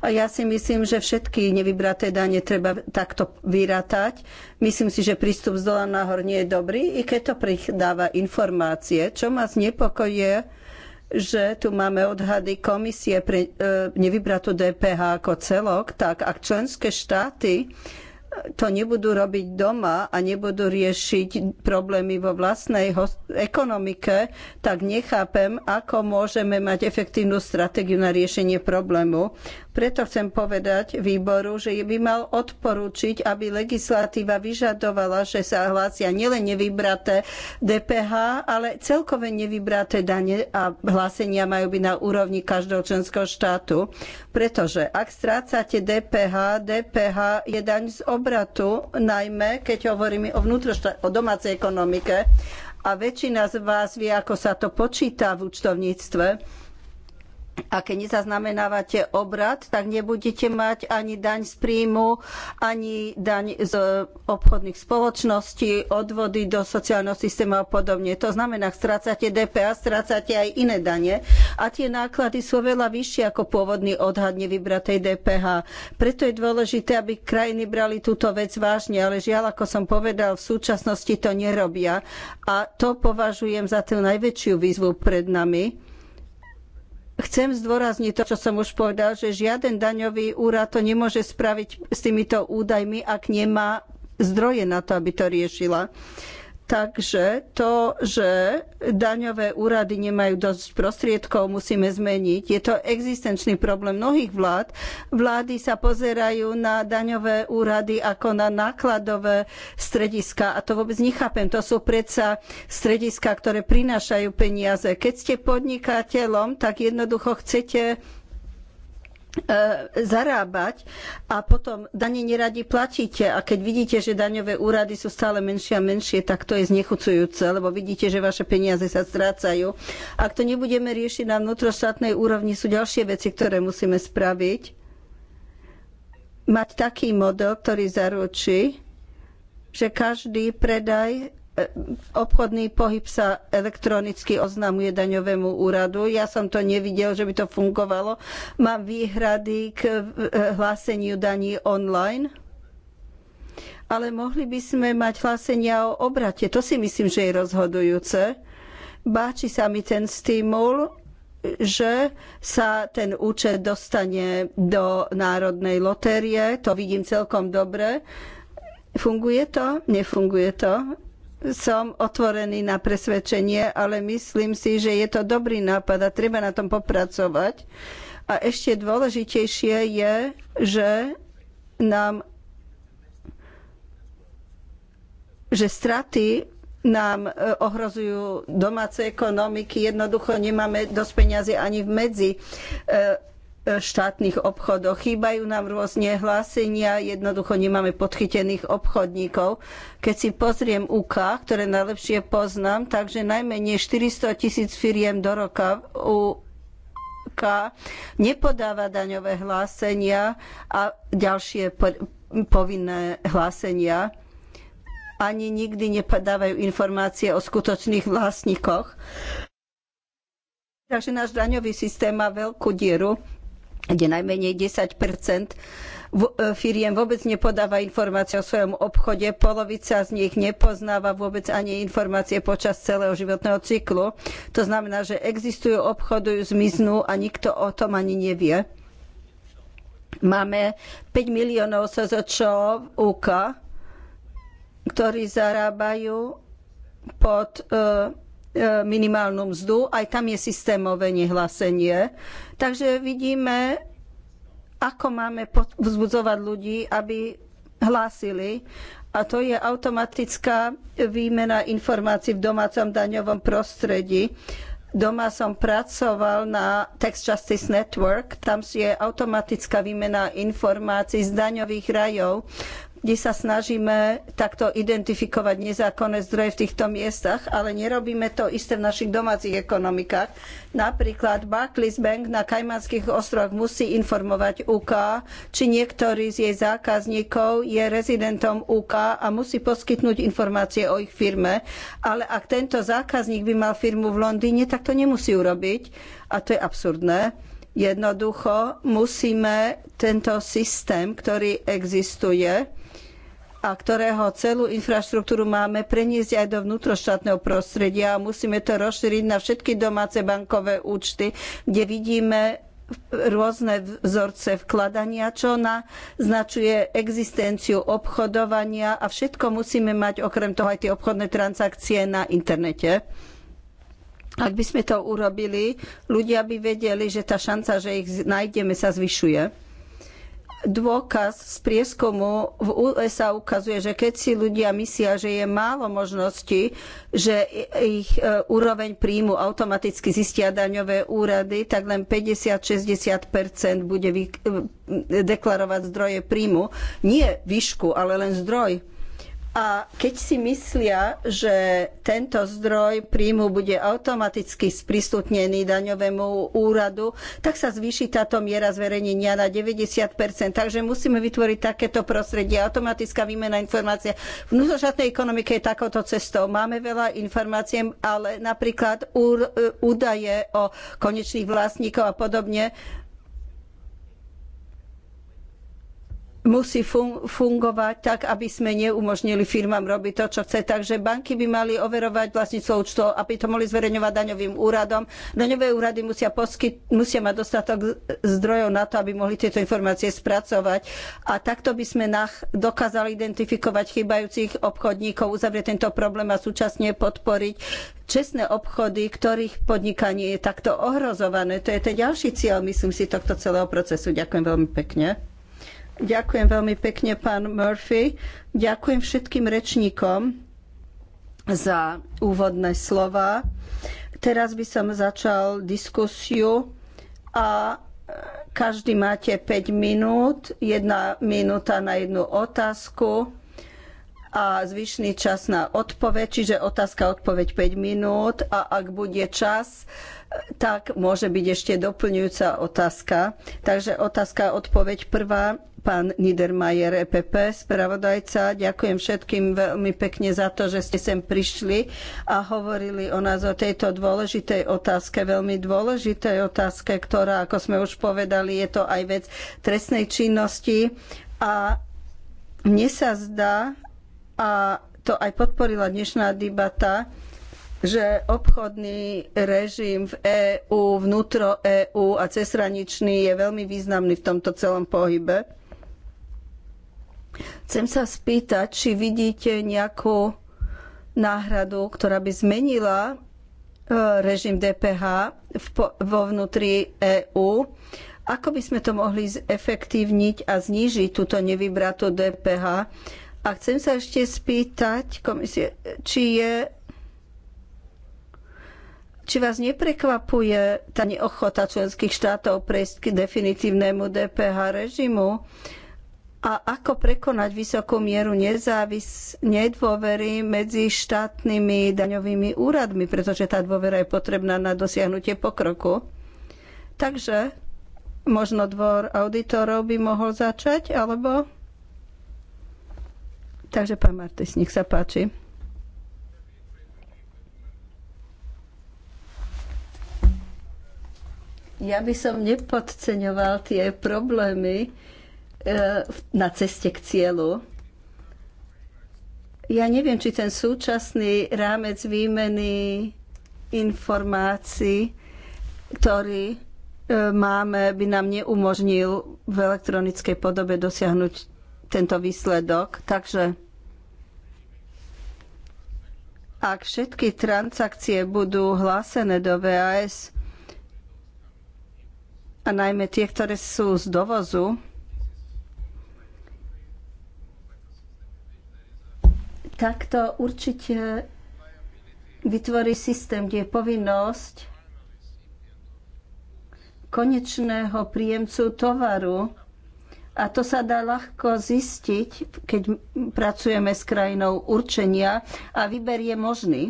a ja si myslím, že všetky nevybraté dane treba takto vyrátať. Myslím si, že prístup z dola nahor nie je dobrý, i keď to pridáva informácie. Čo ma znepokojuje, že tu máme odhady komisie pre e, nevybratú DPH ako celok, tak ak členské štáty to nebudú robiť doma a nebudú riešiť problémy vo vlastnej ekonomike, tak nechápem, ako môžeme mať efektívnu stratégiu na riešenie problému. Preto chcem povedať výboru, že by mal odporučiť, aby legislatíva vyžadovala, že sa hlásia nielen nevybraté DPH, ale celkové nevybraté dane a hlásenia majú byť na úrovni každého členského štátu. Pretože ak strácate DPH, DPH je daň z obratu, najmä keď hovoríme o, o domácej ekonomike a väčšina z vás vie, ako sa to počíta v účtovníctve a keď nezaznamenávate obrad, tak nebudete mať ani daň z príjmu, ani daň z obchodných spoločností, odvody do sociálneho systému a podobne. To znamená, ak strácate DPA, strácate aj iné dane. A tie náklady sú veľa vyššie ako pôvodný odhad nevybratej DPH. Preto je dôležité, aby krajiny brali túto vec vážne, ale žiaľ, ako som povedal, v súčasnosti to nerobia. A to považujem za tú najväčšiu výzvu pred nami Chcem zdôrazniť to, čo som už povedal, že žiaden daňový úrad to nemôže spraviť s týmito údajmi, ak nemá zdroje na to, aby to riešila. Takže to, že daňové úrady nemajú dosť prostriedkov, musíme zmeniť. Je to existenčný problém mnohých vlád. Vlády sa pozerajú na daňové úrady ako na nákladové strediska a to vôbec nechápem. To sú predsa strediska, ktoré prinášajú peniaze. Keď ste podnikateľom, tak jednoducho chcete E, zarábať a potom dane neradi platíte a keď vidíte, že daňové úrady sú stále menšie a menšie, tak to je znechucujúce, lebo vidíte, že vaše peniaze sa strácajú. Ak to nebudeme riešiť na vnútroštátnej úrovni, sú ďalšie veci, ktoré musíme spraviť. Mať taký model, ktorý zaručí, že každý predaj obchodný pohyb sa elektronicky oznamuje daňovému úradu. Ja som to nevidel, že by to fungovalo. Mám výhrady k hláseniu daní online. Ale mohli by sme mať hlásenia o obrate. To si myslím, že je rozhodujúce. Báči sa mi ten stimul, že sa ten účet dostane do národnej lotérie. To vidím celkom dobre. Funguje to? Nefunguje to? som otvorený na presvedčenie, ale myslím si, že je to dobrý nápad a treba na tom popracovať. A ešte dôležitejšie je, že nám že straty nám e, ohrozujú domáce ekonomiky. Jednoducho nemáme dosť peniazy ani v medzi e, štátnych obchodoch. Chýbajú nám rôzne hlásenia, jednoducho nemáme podchytených obchodníkov. Keď si pozriem UK, ktoré najlepšie poznám, takže najmenej 400 tisíc firiem do roka u UK nepodáva daňové hlásenia a ďalšie povinné hlásenia ani nikdy nepodávajú informácie o skutočných vlastníkoch. Takže náš daňový systém má veľkú dieru kde najmenej 10 e, firiem vôbec nepodáva informácie o svojom obchode, polovica z nich nepoznáva vôbec ani informácie počas celého životného cyklu. To znamená, že existujú, obchodujú, zmiznú a nikto o tom ani nevie. Máme 5 miliónov SZČ v UK, ktorí zarábajú pod uh, E, minimálnu mzdu, aj tam je systémové nehlásenie. Takže vidíme, ako máme vzbudzovať ľudí, aby hlásili. A to je automatická výmena informácií v domácom daňovom prostredí. Doma som pracoval na Tax Justice Network, tam je automatická výmena informácií z daňových rajov, kde sa snažíme takto identifikovať nezákonné zdroje v týchto miestach, ale nerobíme to isté v našich domácich ekonomikách. Napríklad Barclays Bank na Kajmanských ostrovoch musí informovať UK, či niektorý z jej zákazníkov je rezidentom UK a musí poskytnúť informácie o ich firme, ale ak tento zákazník by mal firmu v Londýne, tak to nemusí urobiť a to je absurdné. Jednoducho musíme tento systém, ktorý existuje, a ktorého celú infraštruktúru máme preniesť aj do vnútroštátneho prostredia a musíme to rozšíriť na všetky domáce bankové účty, kde vidíme rôzne vzorce vkladania, čo naznačuje existenciu obchodovania a všetko musíme mať okrem toho aj tie obchodné transakcie na internete. Ak by sme to urobili, ľudia by vedeli, že tá šanca, že ich nájdeme, sa zvyšuje dôkaz z prieskumu v USA ukazuje, že keď si ľudia myslia, že je málo možností, že ich e, úroveň príjmu automaticky zistia daňové úrady, tak len 50-60 bude e, deklarovať zdroje príjmu. Nie výšku, ale len zdroj. A keď si myslia, že tento zdroj príjmu bude automaticky sprístupnený daňovému úradu, tak sa zvýši táto miera zverejnenia na 90%. Takže musíme vytvoriť takéto prostredie. Automatická výmena informácie. V vnútroštátnej ekonomike je takouto cestou. Máme veľa informácií, ale napríklad údaje o konečných vlastníkov a podobne musí fun fungovať tak, aby sme neumožnili firmám robiť to, čo chce. Takže banky by mali overovať vlastníctvo účtov, aby to mohli zverejňovať daňovým úradom. Daňové úrady musia, poskyt, musia mať dostatok zdrojov na to, aby mohli tieto informácie spracovať. A takto by sme dokázali identifikovať chýbajúcich obchodníkov, uzavrieť tento problém a súčasne podporiť čestné obchody, ktorých podnikanie je takto ohrozované. To je ten ďalší cieľ, myslím si, tohto celého procesu. Ďakujem veľmi pekne. Ďakujem veľmi pekne, pán Murphy. Ďakujem všetkým rečníkom za úvodné slova. Teraz by som začal diskusiu a každý máte 5 minút, jedna minúta na jednu otázku a zvyšný čas na odpoveď, čiže otázka odpoveď 5 minút a ak bude čas, tak môže byť ešte doplňujúca otázka. Takže otázka odpoveď prvá pán Niedermayer EPP, spravodajca. Ďakujem všetkým veľmi pekne za to, že ste sem prišli a hovorili o nás o tejto dôležitej otázke, veľmi dôležitej otázke, ktorá, ako sme už povedali, je to aj vec trestnej činnosti. A mne sa zdá, a to aj podporila dnešná debata, že obchodný režim v EÚ, vnútro EÚ a cezhraničný je veľmi významný v tomto celom pohybe Chcem sa spýtať, či vidíte nejakú náhradu, ktorá by zmenila e, režim DPH vo vnútri EÚ. Ako by sme to mohli zefektívniť a znížiť túto nevybratú DPH? A chcem sa ešte spýtať komisie, či je či vás neprekvapuje tá neochota členských štátov prejsť k definitívnemu DPH režimu? a ako prekonať vysokú mieru nezávis, nedôvery medzi štátnymi daňovými úradmi, pretože tá dôvera je potrebná na dosiahnutie pokroku. Takže možno dvor auditorov by mohol začať, alebo... Takže pán Martis, nech sa páči. Ja by som nepodceňoval tie problémy, E, na ceste k cieľu. Ja neviem, či ten súčasný rámec výmeny informácií, ktorý e, máme, by nám neumožnil v elektronickej podobe dosiahnuť tento výsledok. Takže ak všetky transakcie budú hlásené do VAS, a najmä tie, ktoré sú z dovozu, takto určite vytvorí systém, kde je povinnosť konečného príjemcu tovaru a to sa dá ľahko zistiť, keď pracujeme s krajinou určenia a výber je možný.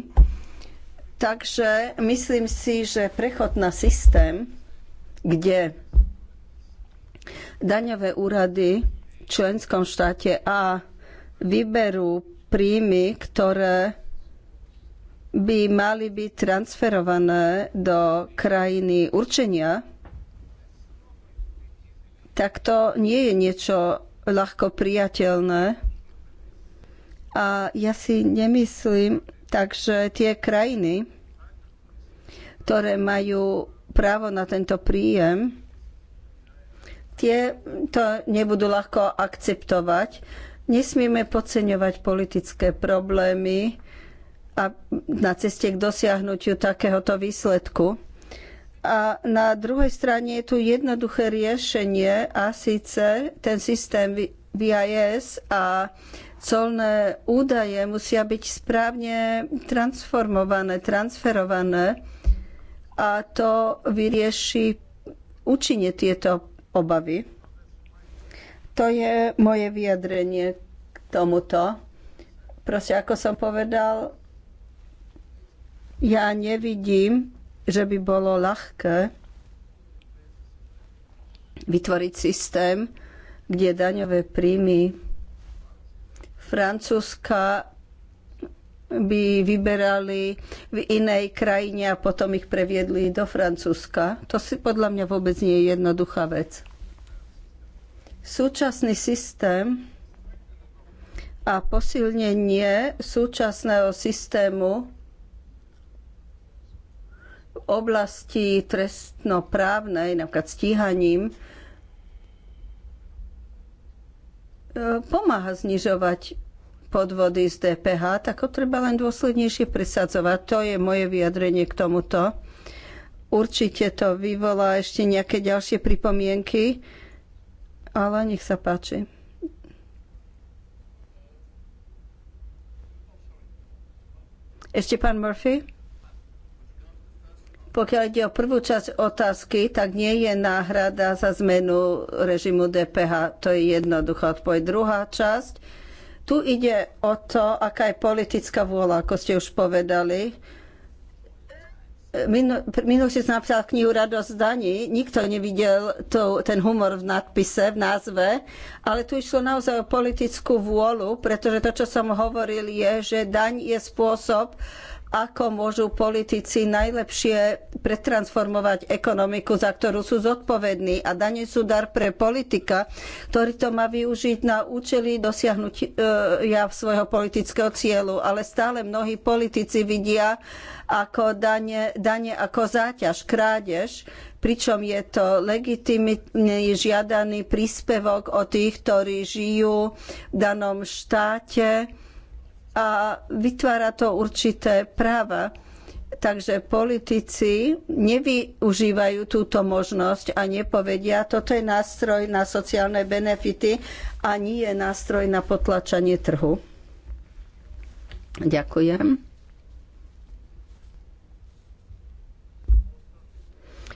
Takže myslím si, že prechod na systém, kde daňové úrady v členskom štáte A vyberú príjmy, ktoré by mali byť transferované do krajiny určenia, tak to nie je niečo ľahko priateľné. A ja si nemyslím, takže tie krajiny, ktoré majú právo na tento príjem, tie to nebudú ľahko akceptovať Nesmieme podceňovať politické problémy a na ceste k dosiahnutiu takéhoto výsledku. A na druhej strane je tu jednoduché riešenie a síce ten systém VIS a colné údaje musia byť správne transformované, transferované a to vyrieši účinne tieto obavy. To je moje vyjadrenie k tomuto. Proste, ako som povedal, ja nevidím, že by bolo ľahké vytvoriť systém, kde daňové príjmy Francúzska by vyberali v inej krajine a potom ich previedli do Francúzska. To si podľa mňa vôbec nie je jednoduchá vec. Súčasný systém a posilnenie súčasného systému v oblasti trestnoprávnej, napríklad stíhaním, e, pomáha znižovať podvody z DPH, tak ho treba len dôslednejšie presadzovať. To je moje vyjadrenie k tomuto. Určite to vyvolá ešte nejaké ďalšie pripomienky ale nech sa páči. Ešte pán Murphy? Pokiaľ ide o prvú časť otázky, tak nie je náhrada za zmenu režimu DPH. To je jednoduchá odpoveď. Druhá časť. Tu ide o to, aká je politická vôľa, ako ste už povedali. Minulý som napísal knihu Radosť daní, nikto nevidel to, ten humor v nadpise, v názve, ale tu išlo naozaj o politickú vôľu, pretože to, čo som hovoril, je, že daň je spôsob, ako môžu politici najlepšie pretransformovať ekonomiku, za ktorú sú zodpovední. A dane sú dar pre politika, ktorý to má využiť na účely dosiahnutia e, svojho politického cieľu. Ale stále mnohí politici vidia ako dane, dane ako záťaž, krádež, pričom je to legitimný žiadaný príspevok od tých, ktorí žijú v danom štáte a vytvára to určité práva. Takže politici nevyužívajú túto možnosť a nepovedia, toto je nástroj na sociálne benefity a nie je nástroj na potlačanie trhu. Ďakujem.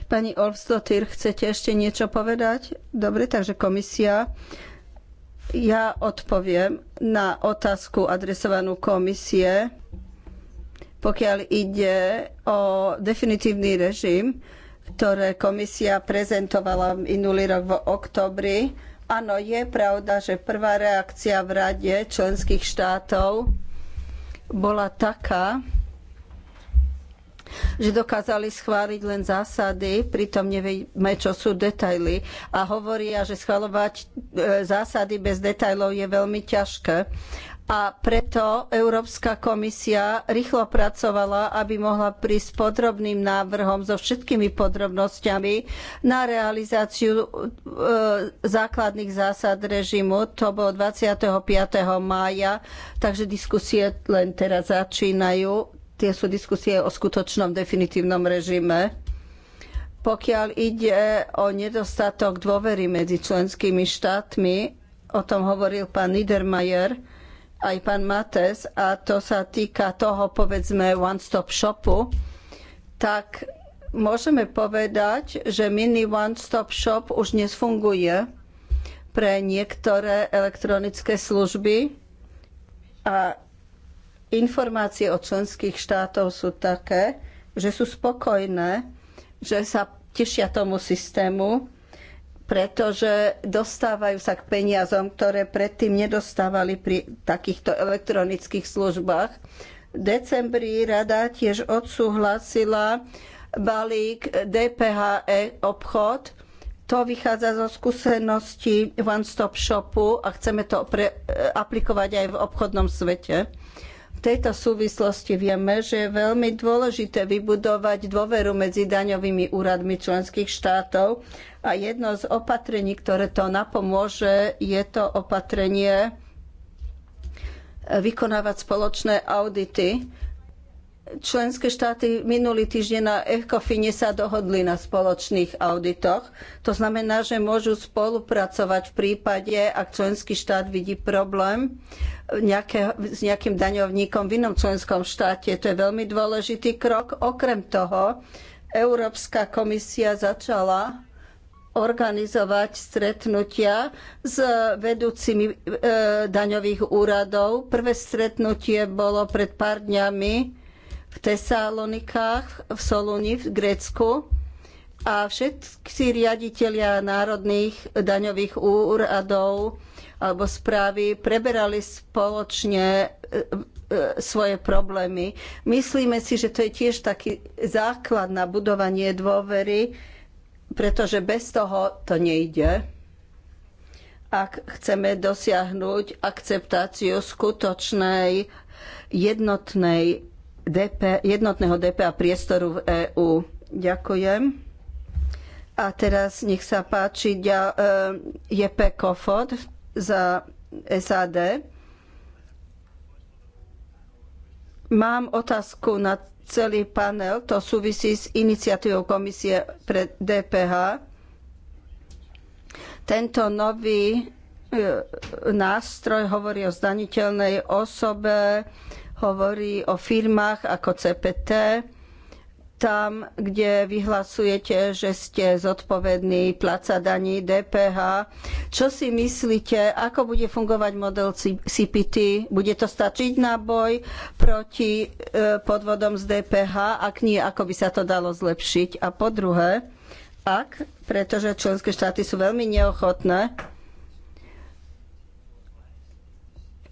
Pani Olfstotyr, chcete ešte niečo povedať? Dobre, takže komisia. Ja odpoviem na otázku adresovanú komisie, pokiaľ ide o definitívny režim, ktoré komisia prezentovala minulý rok v oktobri. Áno, je pravda, že prvá reakcia v Rade členských štátov bola taká, že dokázali schváliť len zásady, pritom nevieme, čo sú detaily. A hovoria, že schvalovať e, zásady bez detailov je veľmi ťažké. A preto Európska komisia rýchlo pracovala, aby mohla prísť podrobným návrhom so všetkými podrobnosťami na realizáciu e, základných zásad režimu. To bolo 25. mája, takže diskusie len teraz začínajú tie sú diskusie o skutočnom definitívnom režime. Pokiaľ ide o nedostatok dôvery medzi členskými štátmi, o tom hovoril pán Niedermayer, aj pán Mates, a to sa týka toho, povedzme, one-stop shopu, tak môžeme povedať, že mini one-stop shop už nesfunguje pre niektoré elektronické služby a informácie od členských štátov sú také, že sú spokojné, že sa tešia tomu systému, pretože dostávajú sa k peniazom, ktoré predtým nedostávali pri takýchto elektronických službách. V decembri rada tiež odsúhlasila balík DPHE obchod. To vychádza zo skúsenosti One Stop Shopu a chceme to e, aplikovať aj v obchodnom svete. V tejto súvislosti vieme, že je veľmi dôležité vybudovať dôveru medzi daňovými úradmi členských štátov a jedno z opatrení, ktoré to napomôže, je to opatrenie vykonávať spoločné audity členské štáty minulý týždeň na ECOFINE sa dohodli na spoločných auditoch. To znamená, že môžu spolupracovať v prípade, ak členský štát vidí problém nejaké, s nejakým daňovníkom v inom členskom štáte. To je veľmi dôležitý krok. Okrem toho, Európska komisia začala organizovať stretnutia s vedúcimi e, daňových úradov. Prvé stretnutie bolo pred pár dňami v Tesalonikách, v Soluni, v Grécku a všetci riaditeľia národných daňových úradov alebo správy preberali spoločne e, e, svoje problémy. Myslíme si, že to je tiež taký základ na budovanie dôvery, pretože bez toho to nejde ak chceme dosiahnuť akceptáciu skutočnej jednotnej DP, jednotného DPA priestoru v EÚ. Ďakujem. A teraz nech sa páči ja, e, Kofod za SAD. Mám otázku na celý panel. To súvisí s iniciatívou komisie pre DPH. Tento nový e, nástroj hovorí o zdaniteľnej osobe, hovorí o firmách ako CPT, tam, kde vyhlasujete, že ste zodpovední placa daní DPH. Čo si myslíte, ako bude fungovať model CPT? Bude to stačiť na boj proti e, podvodom z DPH? Ak nie, ako by sa to dalo zlepšiť? A po druhé, ak, pretože členské štáty sú veľmi neochotné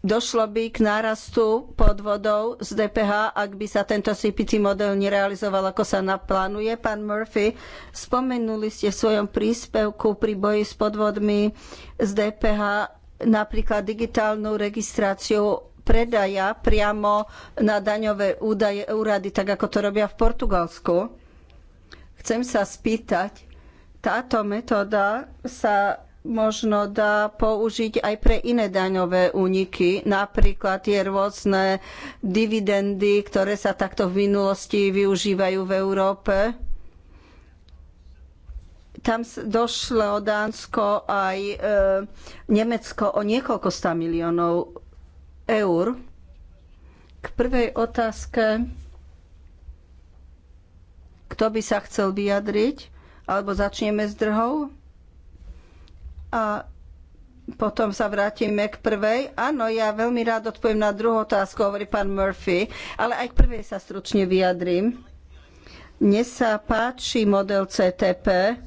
Došlo by k nárastu podvodov z DPH, ak by sa tento CPT model nerealizoval, ako sa naplánuje. Pán Murphy, spomenuli ste v svojom príspevku pri boji s podvodmi z DPH napríklad digitálnu registráciu predaja priamo na daňové údaje, úrady, tak ako to robia v Portugalsku. Chcem sa spýtať, táto metóda sa možno dá použiť aj pre iné daňové úniky, napríklad tie rôzne dividendy, ktoré sa takto v minulosti využívajú v Európe. Tam došlo Dánsko aj e, Nemecko o niekoľko sta miliónov eur. K prvej otázke, kto by sa chcel vyjadriť? Alebo začneme s drhou? A potom sa vrátime k prvej. Áno, ja veľmi rád odpoviem na druhú otázku, hovorí pán Murphy, ale aj k prvej sa stručne vyjadrím. Mne sa páči model CTP.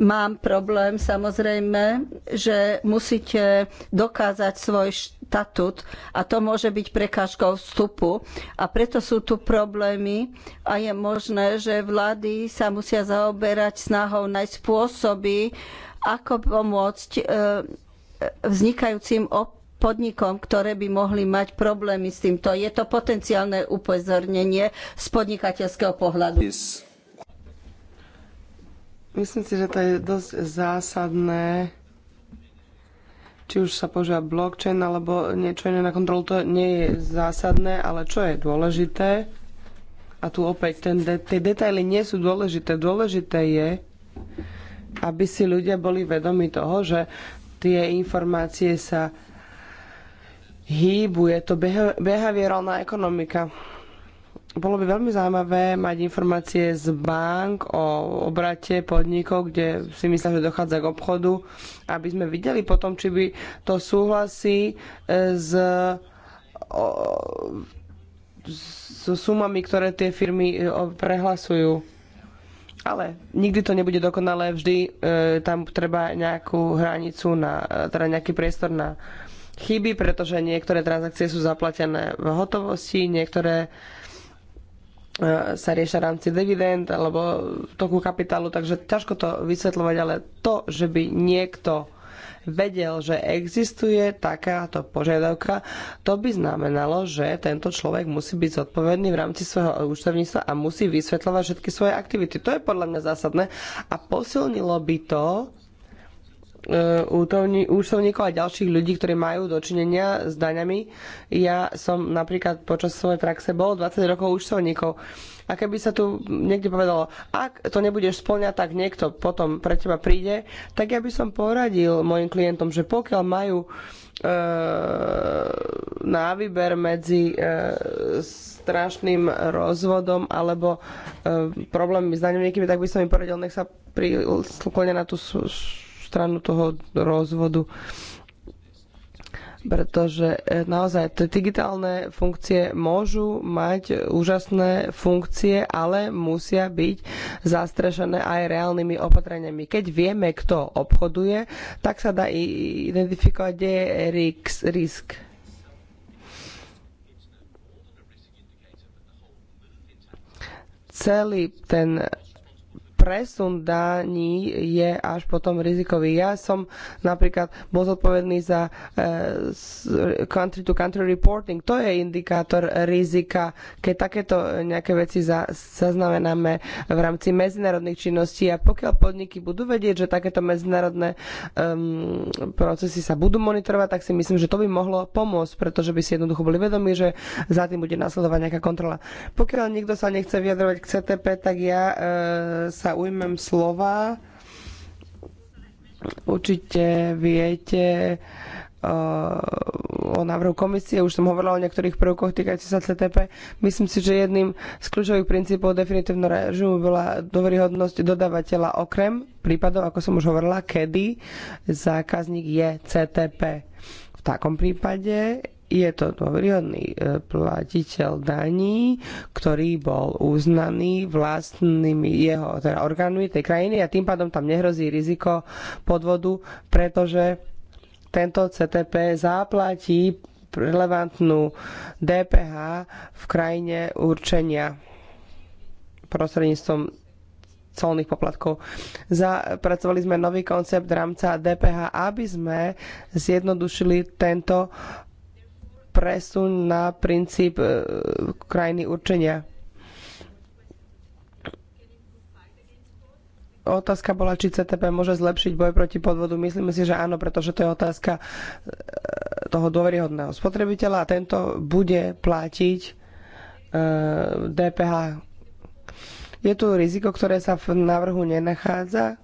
Mám problém samozrejme, že musíte dokázať svoj štatút a to môže byť prekážkou vstupu a preto sú tu problémy a je možné, že vlády sa musia zaoberať snahou nájsť spôsoby, ako pomôcť e, vznikajúcim podnikom, ktoré by mohli mať problémy s týmto. Je to potenciálne upozornenie z podnikateľského pohľadu. Myslím si, že to je dosť zásadné, či už sa používa blockchain alebo niečo iné na kontrolu, to nie je zásadné, ale čo je dôležité, a tu opäť ten, tie detaily nie sú dôležité, dôležité je, aby si ľudia boli vedomi toho, že tie informácie sa hýbu, je to behaviorálna ekonomika. Bolo by veľmi zaujímavé mať informácie z bank o obrate podnikov, kde si myslia, že dochádza k obchodu, aby sme videli potom, či by to súhlasí s, e, so s sumami, ktoré tie firmy e, prehlasujú. Ale nikdy to nebude dokonalé, vždy e, tam treba nejakú hranicu, na, e, teda nejaký priestor na chyby, pretože niektoré transakcie sú zaplatené v hotovosti, niektoré e, sa riešia v rámci dividend alebo toku kapitálu, takže ťažko to vysvetľovať, ale to, že by niekto vedel, že existuje takáto požiadavka, to by znamenalo, že tento človek musí byť zodpovedný v rámci svojho účtovníctva a musí vysvetľovať všetky svoje aktivity. To je podľa mňa zásadné a posilnilo by to E, účtovníkov a ďalších ľudí, ktorí majú dočinenia s daňami. Ja som napríklad počas svojej praxe bol 20 rokov účtovníkov. A keby sa tu niekde povedalo, ak to nebudeš splňať, tak niekto potom pre teba príde, tak ja by som poradil mojim klientom, že pokiaľ majú e, na výber medzi e, strašným rozvodom alebo e, problémami s daňovníkmi, tak by som im poradil, nech sa sklonia na tú stranu toho rozvodu pretože e, naozaj tie digitálne funkcie môžu mať úžasné funkcie, ale musia byť zastrešené aj reálnymi opatreniami. Keď vieme, kto obchoduje, tak sa dá identifikovať, kde je risk. Celý ten presun daní je až potom rizikový. Ja som napríklad bol zodpovedný za e, country to country reporting. To je indikátor rizika. Keď takéto nejaké veci zaznamenáme v rámci medzinárodných činností a pokiaľ podniky budú vedieť, že takéto medzinárodné um, procesy sa budú monitorovať, tak si myslím, že to by mohlo pomôcť, pretože by si jednoducho boli vedomí, že za tým bude nasledovať nejaká kontrola. Pokiaľ nikto sa nechce vyjadrovať k CTP, tak ja e, sa sa ujmem slova, určite viete eh, o návrhu komisie, už som hovorila o niektorých prvkoch týkajúcich sa CTP. Myslím si, že jedným z kľúčových princípov definitívneho režimu bola dôveryhodnosť dodávateľa okrem prípadov, ako som už hovorila, kedy zákazník je CTP. V takom prípade je to dôveryhodný e, platiteľ daní, ktorý bol uznaný vlastnými jeho teda orgánmi tej krajiny a tým pádom tam nehrozí riziko podvodu, pretože tento CTP zaplatí relevantnú DPH v krajine určenia prostredníctvom colných poplatkov. Zapracovali sme nový koncept rámca DPH, aby sme zjednodušili tento presun na princíp e, krajiny určenia. Otázka bola, či CTP môže zlepšiť boj proti podvodu. Myslíme si, že áno, pretože to je otázka e, toho dôveryhodného spotrebiteľa a tento bude platiť e, DPH. Je tu riziko, ktoré sa v návrhu nenachádza.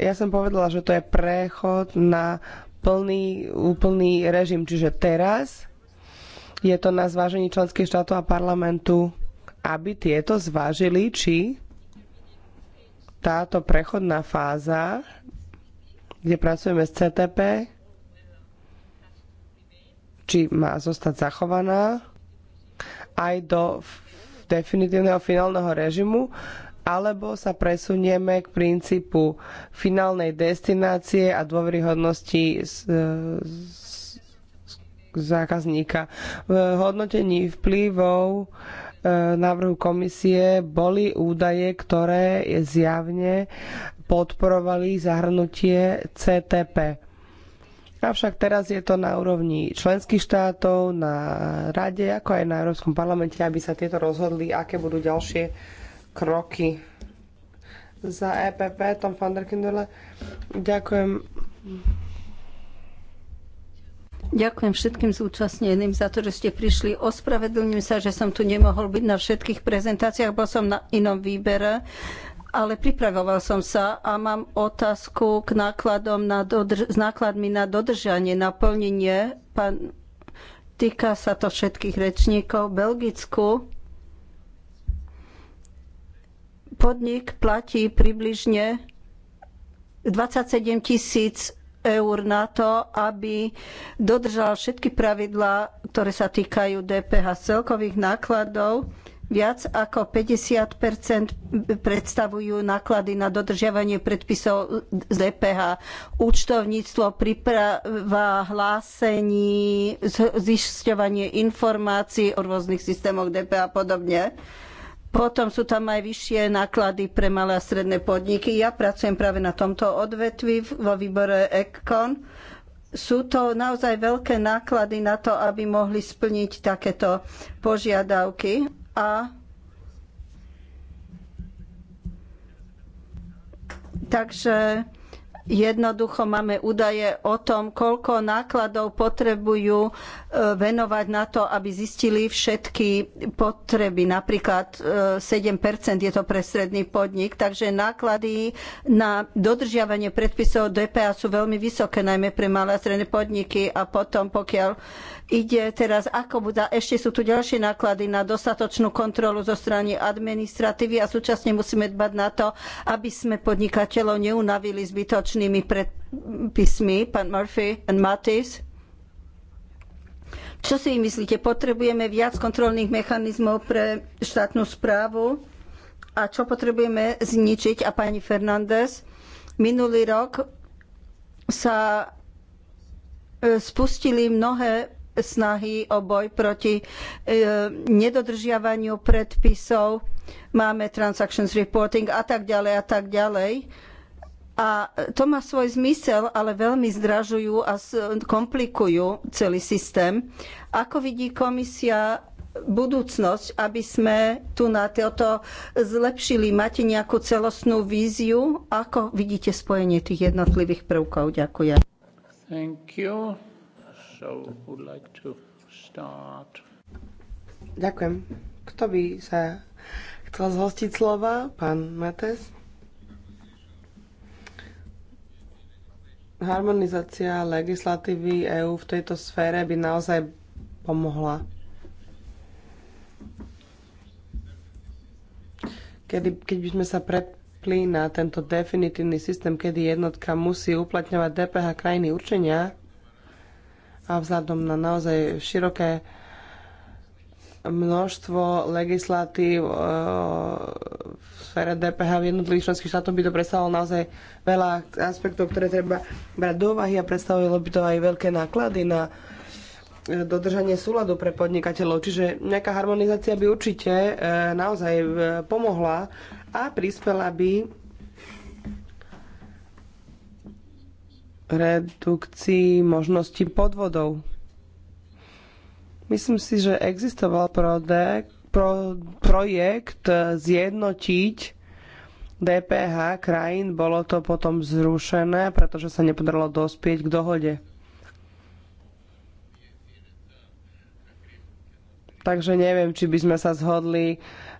Ja som povedala, že to je prechod na plný, úplný režim. Čiže teraz je to na zvážení členských štátov a parlamentu, aby tieto zvážili, či táto prechodná fáza, kde pracujeme s CTP, či má zostať zachovaná aj do definitívneho finálneho režimu, alebo sa presunieme k princípu finálnej destinácie a dôveryhodnosti z, zákazníka. V hodnotení vplyvov e, návrhu komisie boli údaje, ktoré zjavne podporovali zahrnutie CTP. Avšak teraz je to na úrovni členských štátov, na rade, ako aj na Európskom parlamente, aby sa tieto rozhodli, aké budú ďalšie kroky. Za EPP, Tom van der Kindle, ďakujem. Ďakujem všetkým zúčastneným za to, že ste prišli. Ospravedlňujem sa, že som tu nemohol byť na všetkých prezentáciách, bol som na inom výbere, ale pripravoval som sa a mám otázku k nákladom na s nákladmi na dodržanie, na plnenie. Pán, týka sa to všetkých rečníkov. Belgicku Podnik platí približne 27 tisíc eur na to, aby dodržal všetky pravidlá, ktoré sa týkajú DPH z celkových nákladov. Viac ako 50 predstavujú náklady na dodržiavanie predpisov z DPH. Účtovníctvo, príprava hlásení, zisťovanie informácií o rôznych systémoch DPH a podobne. Potom sú tam aj vyššie náklady pre malé a stredné podniky. Ja pracujem práve na tomto odvetvi vo výbore ECON. Sú to naozaj veľké náklady na to, aby mohli splniť takéto požiadavky a takže Jednoducho máme údaje o tom, koľko nákladov potrebujú e, venovať na to, aby zistili všetky potreby. Napríklad 7 e, je to pre stredný podnik, takže náklady na dodržiavanie predpisov DPA sú veľmi vysoké, najmä pre malé a stredné podniky a potom pokiaľ ide teraz, ako bude, ešte sú tu ďalšie náklady na dostatočnú kontrolu zo strany administratívy a súčasne musíme dbať na to, aby sme podnikateľov neunavili zbytočnými predpismi. Pán Murphy and Matis. Čo si myslíte? Potrebujeme viac kontrolných mechanizmov pre štátnu správu? A čo potrebujeme zničiť? A pani Fernández, minulý rok sa e, spustili mnohé snahy o boj proti e, nedodržiavaniu predpisov, máme transactions reporting a tak ďalej a tak ďalej. A to má svoj zmysel, ale veľmi zdražujú a komplikujú celý systém. Ako vidí komisia budúcnosť, aby sme tu na toto zlepšili? Máte nejakú celostnú víziu? Ako vidíte spojenie tých jednotlivých prvkov? Ďakujem. Thank you. So would like to start. Ďakujem. Kto by sa chcel zhostiť slova? Pán Mates? Harmonizácia legislatívy EÚ v tejto sfére by naozaj pomohla. Kedy, keď by sme sa prepli na tento definitívny systém, kedy jednotka musí uplatňovať DPH krajiny určenia, a vzhľadom na naozaj široké množstvo legislatív e, v sfere DPH v jednotlivých členských štátoch by to predstavovalo naozaj veľa aspektov, ktoré treba brať do úvahy a predstavovalo by to aj veľké náklady na e, dodržanie súladu pre podnikateľov. Čiže nejaká harmonizácia by určite e, naozaj pomohla a prispela by redukcii možností podvodov. Myslím si, že existoval projekt, pro, projekt zjednotiť DPH krajín, bolo to potom zrušené, pretože sa nepodarilo dospieť k dohode. Takže neviem, či by sme sa zhodli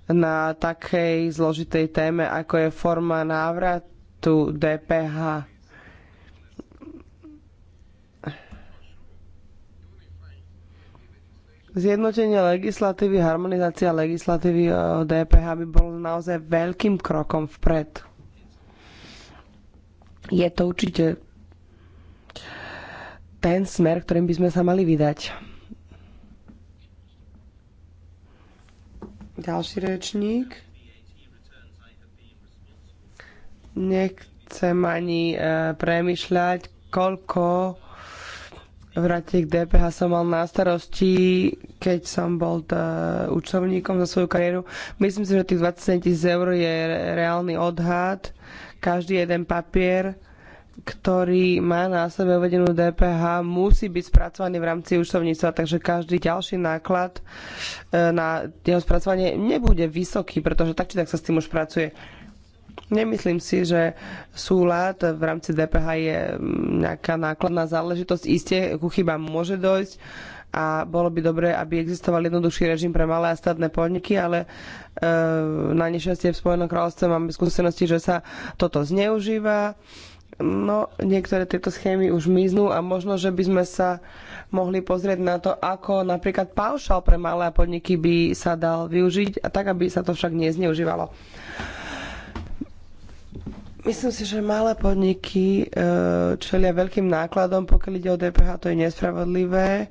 na takej zložitej téme, ako je forma návratu DPH. Zjednotenie legislatívy, harmonizácia legislatívy o e, DPH by bol naozaj veľkým krokom vpred. Je to určite ten smer, ktorým by sme sa mali vydať. Ďalší rečník. Nechcem ani e, premyšľať, koľko vrátiť k DPH som mal na starosti, keď som bol t- účtovníkom za svoju kariéru. Myslím si, že tých 27 tisíc eur je reálny odhad. Každý jeden papier, ktorý má na sebe uvedenú DPH, musí byť spracovaný v rámci účtovníctva, takže každý ďalší náklad e, na jeho spracovanie nebude vysoký, pretože tak či tak sa s tým už pracuje. Nemyslím si, že súlad v rámci DPH je mm, nejaká nákladná záležitosť. Isté, ku chybám môže dojsť a bolo by dobré, aby existoval jednoduchší režim pre malé a státne podniky, ale e, na nešťastie v Spojenom kráľovstve máme skúsenosti, že sa toto zneužíva. No, niektoré tieto schémy už miznú a možno, že by sme sa mohli pozrieť na to, ako napríklad paušal pre malé podniky by sa dal využiť, a tak, aby sa to však nezneužívalo. Myslím si, že malé podniky e, čelia veľkým nákladom, pokiaľ ide o DPH, to je nespravodlivé.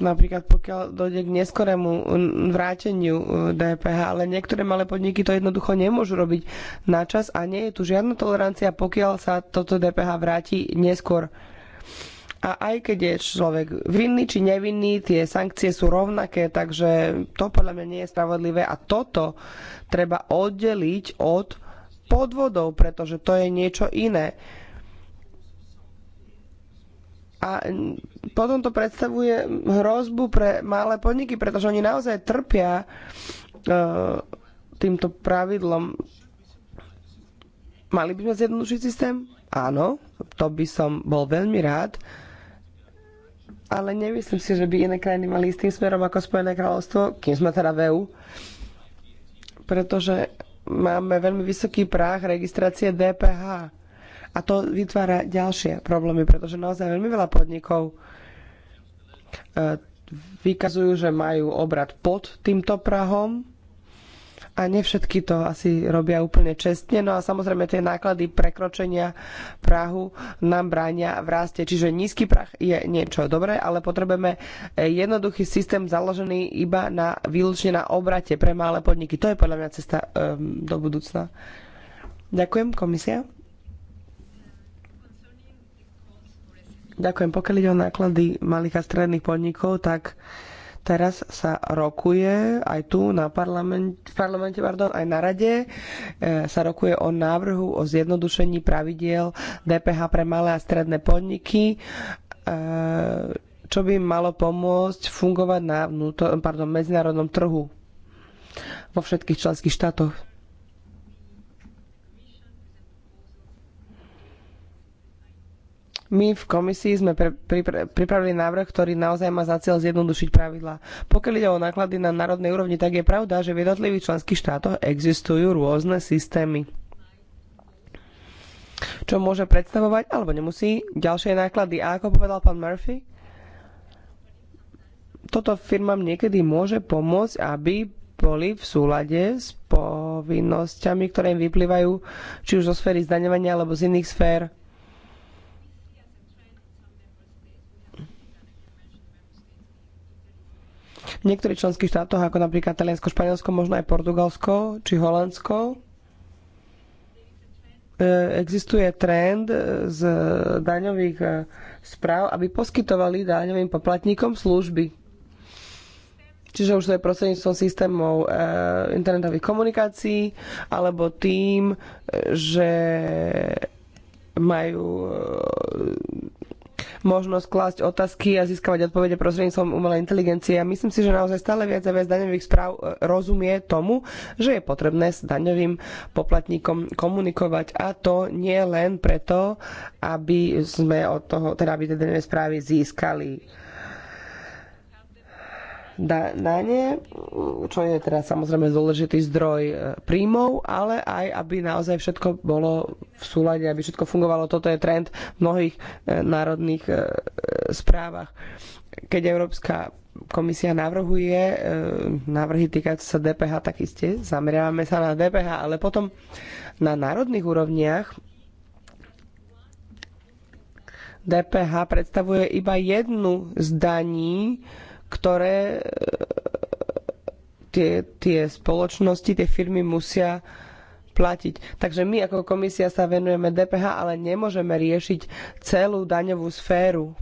Napríklad pokiaľ dojde k neskorému vráteniu e, DPH, ale niektoré malé podniky to jednoducho nemôžu robiť na čas a nie je tu žiadna tolerancia, pokiaľ sa toto DPH vráti neskôr. A aj keď je človek vinný či nevinný, tie sankcie sú rovnaké, takže to podľa mňa nie je spravodlivé. A toto treba oddeliť od podvodov, pretože to je niečo iné. A potom to predstavuje hrozbu pre malé podniky, pretože oni naozaj trpia uh, týmto pravidlom. Mali by sme zjednodušiť systém? Áno, to by som bol veľmi rád. Uh, ale nemyslím si, že by iné krajiny mali ísť tým smerom ako Spojené kráľovstvo, kým sme teda v EU, pretože máme veľmi vysoký práh registrácie DPH a to vytvára ďalšie problémy, pretože naozaj veľmi veľa podnikov e, vykazujú, že majú obrad pod týmto prahom a nevšetky to asi robia úplne čestne. No a samozrejme tie náklady prekročenia Prahu nám bránia v raste. Čiže nízky prach je niečo dobré, ale potrebujeme jednoduchý systém založený iba na, výlučne na obrate pre malé podniky. To je podľa mňa cesta um, do budúcna. Ďakujem, komisia. Ďakujem. Pokiaľ ide o náklady malých a stredných podnikov, tak Teraz sa rokuje aj tu na parlament, v parlamente, pardon, aj na rade e, sa rokuje o návrhu o zjednodušení pravidiel DPH pre malé a stredné podniky. E, čo by malo pomôcť fungovať na vnútor, pardon, medzinárodnom trhu vo všetkých členských štátoch My v komisii sme pre, pripravili návrh, ktorý naozaj má za cieľ zjednodušiť pravidlá. Pokiaľ ide o náklady na národnej úrovni, tak je pravda, že v jednotlivých členských štátoch existujú rôzne systémy čo môže predstavovať, alebo nemusí, ďalšie náklady. A ako povedal pán Murphy, toto firmám niekedy môže pomôcť, aby boli v súlade s povinnosťami, ktoré im vyplývajú či už zo sféry zdaňovania alebo z iných sfér V niektorých členských štátoch, ako napríklad Taliansko, Španielsko, možno aj Portugalsko či Holandsko, e, existuje trend e, z daňových e, správ, aby poskytovali daňovým poplatníkom služby. Čiže už to je prostredníctvom systémov e, internetových komunikácií alebo tým, že majú možnosť klásť otázky a získavať odpovede prostredníctvom umelej inteligencie. A myslím si, že naozaj stále viac a viac daňových správ e, rozumie tomu, že je potrebné s daňovým poplatníkom komunikovať. A to nie len preto, aby sme od toho, teda aby tie daňové správy získali dane, čo je teda samozrejme dôležitý zdroj e, príjmov, ale aj aby naozaj všetko bolo v súlade, aby všetko fungovalo. Toto je trend v mnohých e, národných e, správach. Keď Európska komisia navrhuje návrhy týkajúce sa DPH, tak iste zameriavame sa na DPH, ale potom na národných úrovniach DPH predstavuje iba jednu z daní, ktoré e, tie, tie spoločnosti, tie firmy musia platiť. Takže my ako komisia sa venujeme DPH, ale nemôžeme riešiť celú daňovú sféru.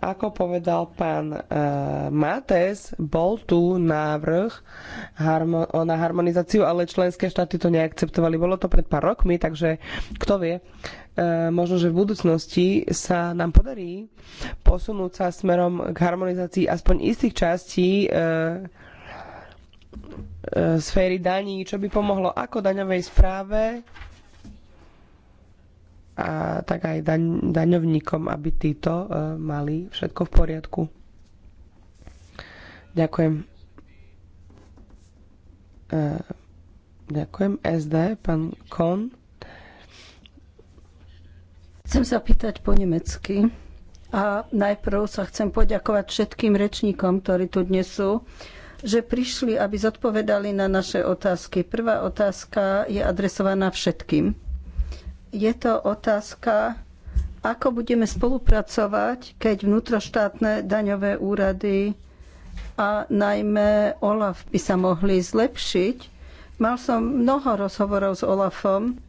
Ako povedal pán uh, Mates, bol tu návrh harmo- na harmonizáciu, ale členské štáty to neakceptovali. Bolo to pred pár rokmi, takže kto vie. E, možno, že v budúcnosti sa nám podarí posunúť sa smerom k harmonizácii aspoň istých častí e, e, sféry daní, čo by pomohlo ako daňovej správe a tak aj daň, daňovníkom, aby títo mali všetko v poriadku. Ďakujem. Ďakujem. SD, pán Kon. Chcem sa pýtať po nemecky a najprv sa chcem poďakovať všetkým rečníkom, ktorí tu dnes sú, že prišli, aby zodpovedali na naše otázky. Prvá otázka je adresovaná všetkým. Je to otázka, ako budeme spolupracovať, keď vnútroštátne daňové úrady a najmä OLAF by sa mohli zlepšiť. Mal som mnoho rozhovorov s OLAFom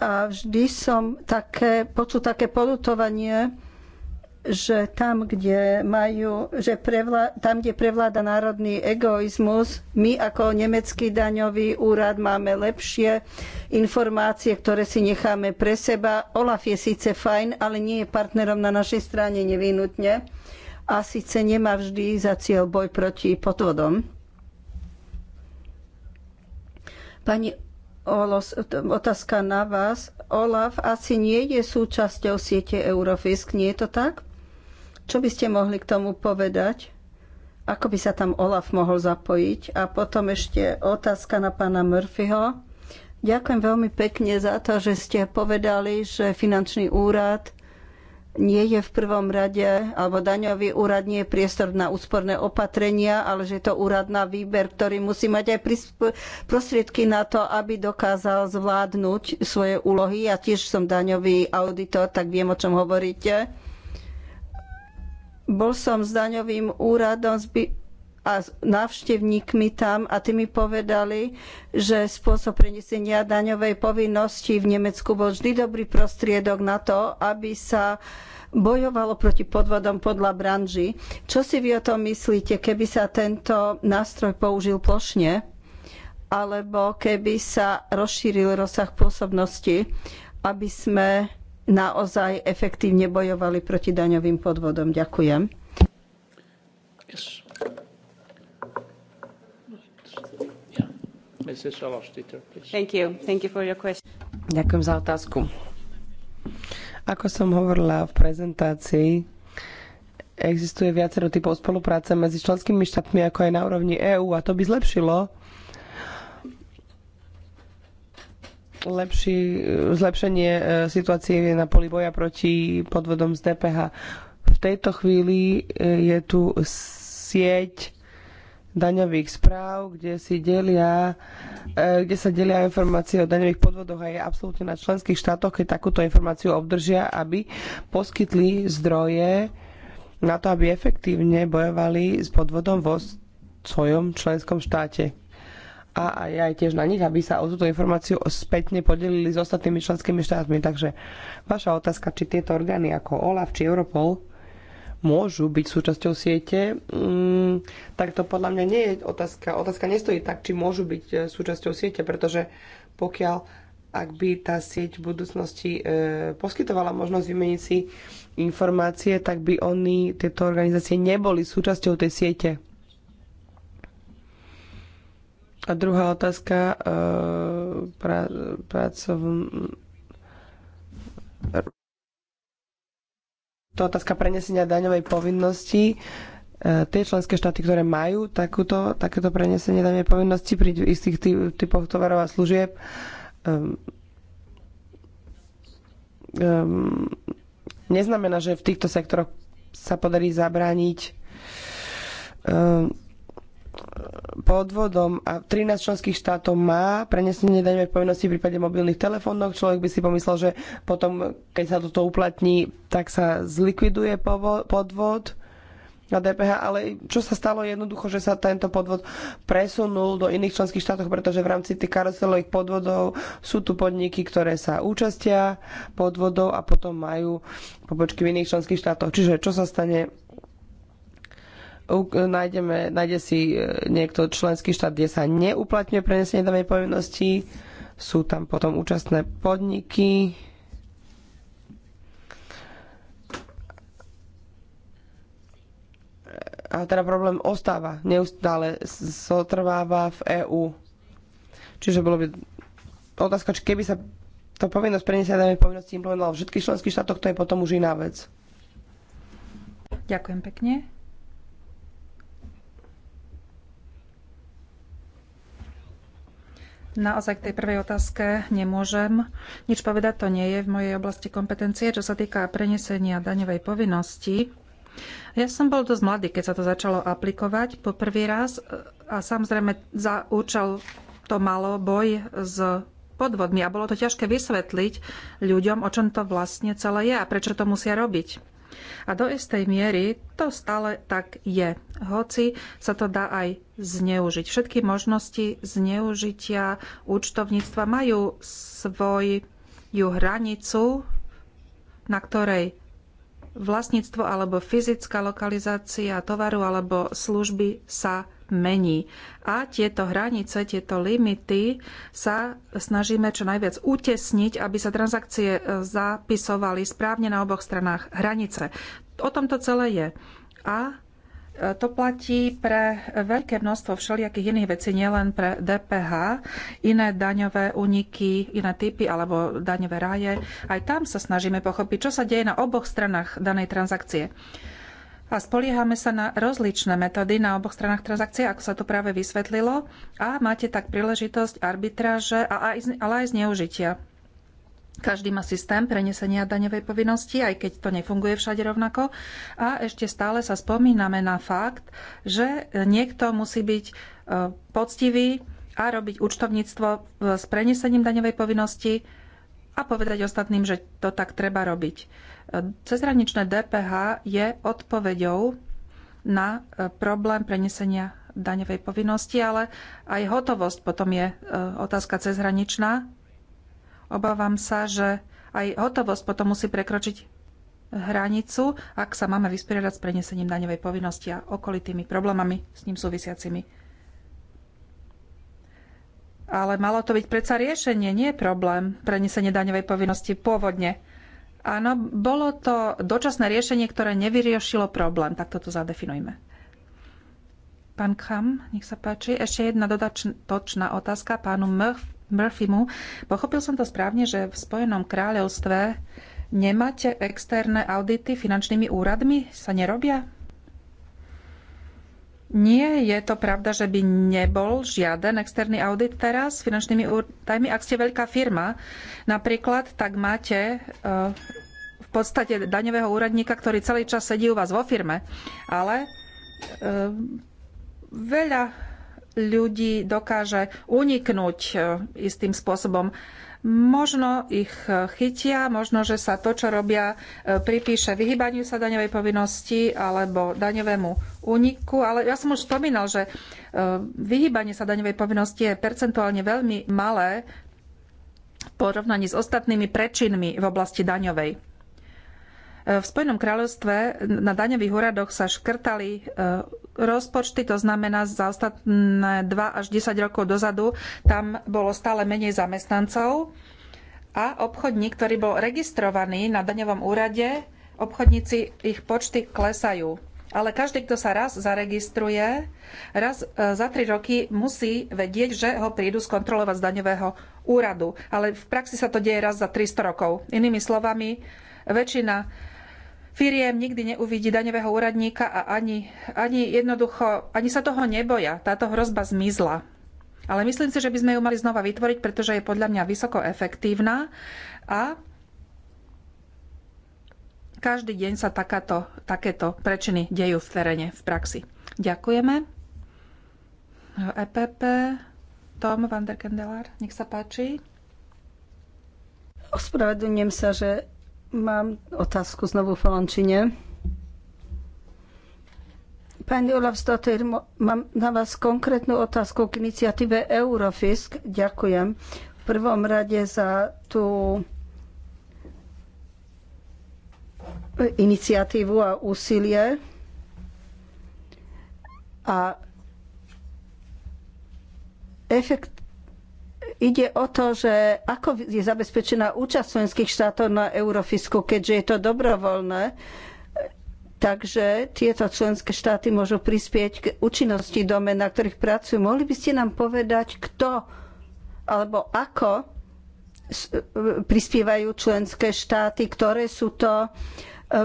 a vždy som také, počul také porutovanie, že tam, kde majú, že prevla, tam, kde prevláda národný egoizmus, my ako nemecký daňový úrad máme lepšie informácie, ktoré si necháme pre seba. Olaf je síce fajn, ale nie je partnerom na našej strane nevinutne a síce nemá vždy za cieľ boj proti podvodom. Pani otázka na vás. Olaf asi nie je súčasťou siete Eurofisk, nie je to tak? Čo by ste mohli k tomu povedať? Ako by sa tam Olaf mohol zapojiť? A potom ešte otázka na pána Murphyho. Ďakujem veľmi pekne za to, že ste povedali, že finančný úrad nie je v prvom rade, alebo daňový úrad nie je priestor na úsporné opatrenia, ale že je to úrad na výber, ktorý musí mať aj prostriedky na to, aby dokázal zvládnuť svoje úlohy. Ja tiež som daňový auditor, tak viem, o čom hovoríte. Bol som s daňovým úradom a s návštevníkmi tam a tí mi povedali, že spôsob prenesenia daňovej povinnosti v Nemecku bol vždy dobrý prostriedok na to, aby sa bojovalo proti podvodom podľa branží. Čo si vy o tom myslíte, keby sa tento nástroj použil plošne? alebo keby sa rozšíril rozsah pôsobnosti, aby sme naozaj efektívne bojovali proti daňovým podvodom. Ďakujem. Yes. Ďakujem za otázku. Ako som hovorila v prezentácii, existuje viacero typov spolupráce medzi členskými štátmi, ako aj na úrovni EÚ a to by zlepšilo lepší, zlepšenie e, situácie na poli boja proti podvodom z DPH. V tejto chvíli e, je tu sieť daňových správ, kde, si delia, e, kde sa delia informácie o daňových podvodoch a je absolútne na členských štátoch, keď takúto informáciu obdržia, aby poskytli zdroje na to, aby efektívne bojovali s podvodom vo svojom členskom štáte. A aj, aj tiež na nich, aby sa o túto informáciu spätne podelili s ostatnými členskými štátmi. Takže vaša otázka, či tieto orgány ako OLAF či Europol môžu byť súčasťou siete, mm, tak to podľa mňa nie je otázka. Otázka nestojí tak, či môžu byť e, súčasťou siete, pretože pokiaľ ak by tá sieť v budúcnosti e, poskytovala možnosť vymeniť si informácie, tak by oni, tieto organizácie, neboli súčasťou tej siete. A druhá otázka, e, pra, pracovn to otázka prenesenia daňovej povinnosti. E, tie členské štáty, ktoré majú takúto, takéto prenesenie daňovej povinnosti pri istých typoch tovarov a služieb, um, um, neznamená, že v týchto sektoroch sa podarí zabrániť um, podvodom a 13 členských štátov má prenesenie daňovej povinnosti v prípade mobilných telefónov. Človek by si pomyslel, že potom, keď sa toto uplatní, tak sa zlikviduje podvod na DPH, ale čo sa stalo jednoducho, že sa tento podvod presunul do iných členských štátov, pretože v rámci tých karuselových podvodov sú tu podniky, ktoré sa účastia podvodov a potom majú pobočky v iných členských štátoch. Čiže čo sa stane nájdeme, nájde si e, niekto členský štát, kde sa neuplatňuje prenesenie danej povinnosti. Sú tam potom účastné podniky. A teda problém ostáva, neustále zotrváva v EÚ. Čiže bolo by otázka, či keby sa to povinnosť prenesenia danej povinnosti implementovala v všetkých členských štátoch, to je potom už iná vec. Ďakujem pekne. naozaj k tej prvej otázke nemôžem nič povedať. To nie je v mojej oblasti kompetencie, čo sa týka prenesenia daňovej povinnosti. Ja som bol dosť mladý, keď sa to začalo aplikovať po prvý raz a samozrejme za účel to malo boj s podvodmi a bolo to ťažké vysvetliť ľuďom, o čom to vlastne celé je a prečo to musia robiť. A do istej miery to stále tak je. Hoci sa to dá aj zneužiť. Všetky možnosti zneužitia účtovníctva majú svoju hranicu, na ktorej vlastníctvo alebo fyzická lokalizácia tovaru alebo služby sa mení. A tieto hranice, tieto limity sa snažíme čo najviac utesniť, aby sa transakcie e, zapisovali správne na oboch stranách hranice. O tom to celé je. A e, to platí pre veľké množstvo všelijakých iných vecí, nielen pre DPH, iné daňové úniky, iné typy alebo daňové ráje. Aj tam sa snažíme pochopiť, čo sa deje na oboch stranách danej transakcie a spoliehame sa na rozličné metódy na oboch stranách transakcie, ako sa to práve vysvetlilo, a máte tak príležitosť arbitráže, ale aj zneužitia. Každý má systém prenesenia daňovej povinnosti, aj keď to nefunguje všade rovnako. A ešte stále sa spomíname na fakt, že niekto musí byť e, poctivý a robiť účtovníctvo e, s prenesením daňovej povinnosti a povedať ostatným, že to tak treba robiť. E, Cezhraničné DPH je odpoveďou na e, problém prenesenia daňovej povinnosti, ale aj hotovosť potom je e, otázka cezhraničná. Obávam sa, že aj hotovosť potom musí prekročiť hranicu, ak sa máme vysporiadať s prenesením daňovej povinnosti a okolitými problémami s ním súvisiacimi. Ale malo to byť predsa riešenie, nie problém prenesenie daňovej povinnosti pôvodne. Áno, bolo to dočasné riešenie, ktoré nevyriešilo problém. Tak toto zadefinujme. Pán Kham, nech sa páči. Ešte jedna dodatočná otázka pánu Murphymu. Pochopil som to správne, že v Spojenom kráľovstve nemáte externé audity finančnými úradmi? Sa nerobia? Nie je to pravda, že by nebol žiaden externý audit teraz s finančnými údajmi. Ak ste veľká firma napríklad, tak máte e, v podstate daňového úradníka, ktorý celý čas sedí u vás vo firme. Ale e, veľa ľudí dokáže uniknúť e, istým spôsobom Možno ich e, chytia, možno, že sa to, čo robia, e, pripíše vyhybaniu sa daňovej povinnosti alebo daňovému úniku. Ale ja som už spomínal, že e, vyhybanie sa daňovej povinnosti je percentuálne veľmi malé v porovnaní s ostatnými prečinmi v oblasti daňovej. V Spojenom kráľovstve na daňových úradoch sa škrtali e, rozpočty, to znamená za ostatné 2 až 10 rokov dozadu tam bolo stále menej zamestnancov a obchodník, ktorý bol registrovaný na daňovom úrade, obchodníci, ich počty klesajú. Ale každý, kto sa raz zaregistruje, raz e, za tri roky musí vedieť, že ho prídu skontrolovať z daňového úradu. Ale v praxi sa to deje raz za 300 rokov. Inými slovami, väčšina firiem nikdy neuvidí daňového úradníka a ani, ani jednoducho, ani sa toho neboja. Táto hrozba zmizla. Ale myslím si, že by sme ju mali znova vytvoriť, pretože je podľa mňa vysoko efektívna a každý deň sa takáto, takéto prečiny dejú v teréne, v praxi. Ďakujeme. EPP, Tom van der Kendelar, nech sa páči. Ospravedlňujem sa, že Mám otázku znovu v Holandčine. Pani Olaf Olafsdottir, mám na vás konkrétnu otázku k iniciatíve Eurofisk. Ďakujem v prvom rade za tú e, iniciatívu a úsilie. A efekt, ide o to, že ako je zabezpečená účasť členských štátov na Eurofisku, keďže je to dobrovoľné. Takže tieto členské štáty môžu prispieť k účinnosti domen, na ktorých pracujú. Mohli by ste nám povedať, kto alebo ako prispievajú členské štáty, ktoré sú to, e,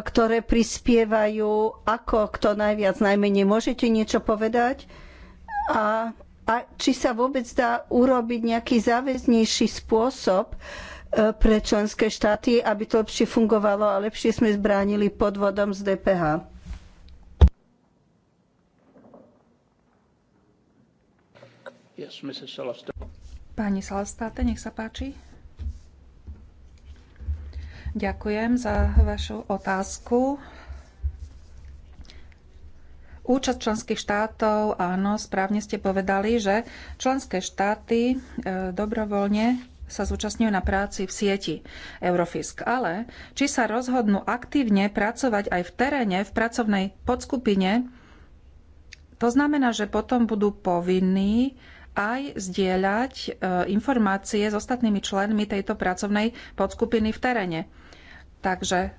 ktoré prispievajú, ako kto najviac, najmenej. Môžete niečo povedať? A a či sa vôbec dá urobiť nejaký záväznejší spôsob e, pre členské štáty, aby to lepšie fungovalo a lepšie sme zbránili podvodom z DPH. Pani Salastáte, nech sa páči. Ďakujem za vašu otázku. Účasť členských štátov, áno, správne ste povedali, že členské štáty e, dobrovoľne sa zúčastňujú na práci v sieti Eurofisk. Ale či sa rozhodnú aktívne pracovať aj v teréne, v pracovnej podskupine, to znamená, že potom budú povinní aj zdieľať e, informácie s ostatnými členmi tejto pracovnej podskupiny v teréne. Takže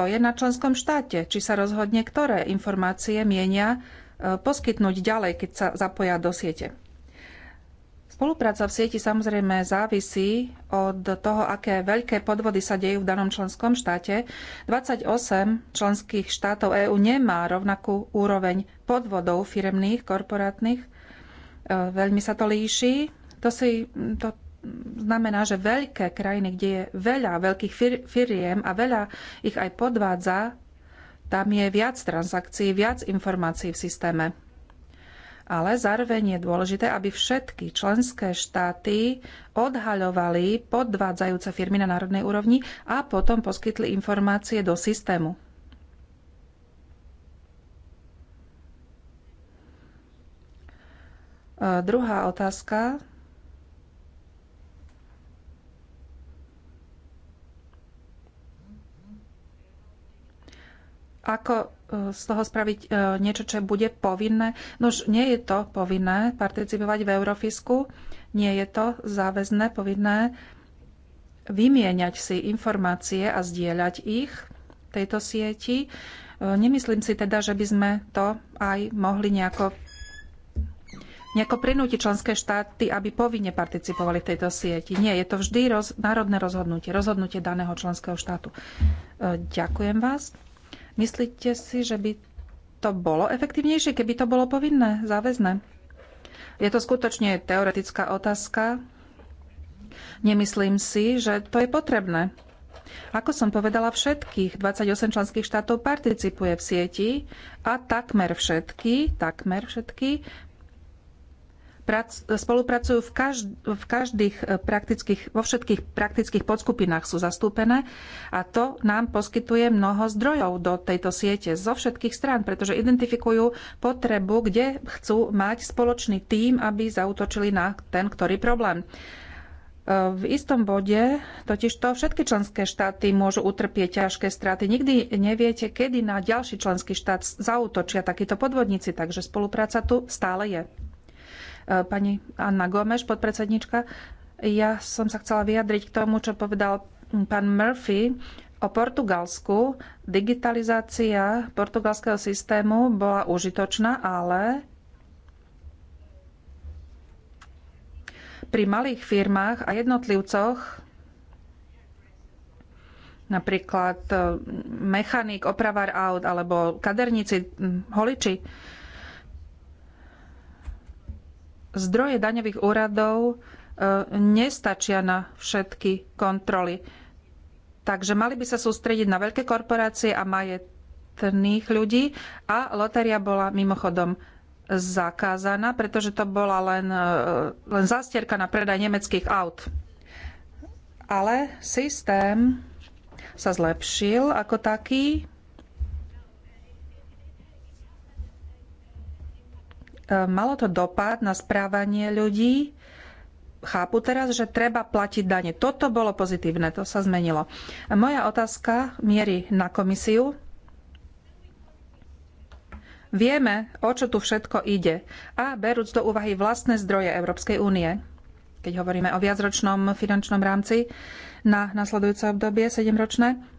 to je na členskom štáte, či sa rozhodne, ktoré informácie mienia e, poskytnúť ďalej, keď sa zapoja do siete. Spolupráca v sieti samozrejme závisí od toho, aké veľké podvody sa dejú v danom členskom štáte. 28 členských štátov EÚ nemá rovnakú úroveň podvodov firemných, korporátnych. E, veľmi sa to líši. To si, to, znamená, že veľké krajiny, kde je veľa veľkých fir- firiem a veľa ich aj podvádza, tam je viac transakcií, viac informácií v systéme. Ale zároveň je dôležité, aby všetky členské štáty odhaľovali podvádzajúce firmy na národnej úrovni a potom poskytli informácie do systému. Druhá otázka ako e, z toho spraviť e, niečo, čo bude povinné. Nož nie je to povinné participovať v Eurofisku, nie je to záväzné, povinné vymieňať si informácie a zdieľať ich tejto sieti. E, nemyslím si teda, že by sme to aj mohli nejako, nejako prinútiť členské štáty, aby povinne participovali v tejto sieti. Nie, je to vždy roz, národné rozhodnutie, rozhodnutie daného členského štátu. Ďakujem vás. Myslíte si, že by to bolo efektívnejšie, keby to bolo povinné, záväzné? Je to skutočne teoretická otázka. Nemyslím si, že to je potrebné. Ako som povedala, všetkých 28 členských štátov participuje v sieti a takmer všetky, takmer všetky spolupracujú v, každ- v každých e, praktických, vo všetkých praktických podskupinách sú zastúpené a to nám poskytuje mnoho zdrojov do tejto siete zo všetkých strán, pretože identifikujú potrebu, kde chcú mať spoločný tím, aby zautočili na ten, ktorý problém. E, v istom bode totiž to všetky členské štáty môžu utrpieť ťažké straty. Nikdy neviete, kedy na ďalší členský štát zautočia takíto podvodníci, takže spolupráca tu stále je. Eh, pani Anna Gomeš, podpredsednička. Ja som sa chcela vyjadriť k tomu, čo povedal pán Murphy o Portugalsku. Digitalizácia portugalského systému bola užitočná, ale pri malých firmách a jednotlivcoch napríklad eh, mechanik, opravár aut alebo kaderníci, hm, holiči, zdroje daňových úradov e, nestačia na všetky kontroly. Takže mali by sa sústrediť na veľké korporácie a majetných ľudí a lotéria bola mimochodom zakázaná, pretože to bola len, e, len zastierka na predaj nemeckých aut. Ale systém sa zlepšil ako taký, E, malo to dopad na správanie ľudí. Chápu teraz, že treba platiť dane. Toto bolo pozitívne, to sa zmenilo. Moja otázka mierí na komisiu. Vieme, o čo tu všetko ide a berúc do úvahy vlastné zdroje Európskej únie, keď hovoríme o viacročnom finančnom rámci na nasledujúce obdobie sedemročné, ročné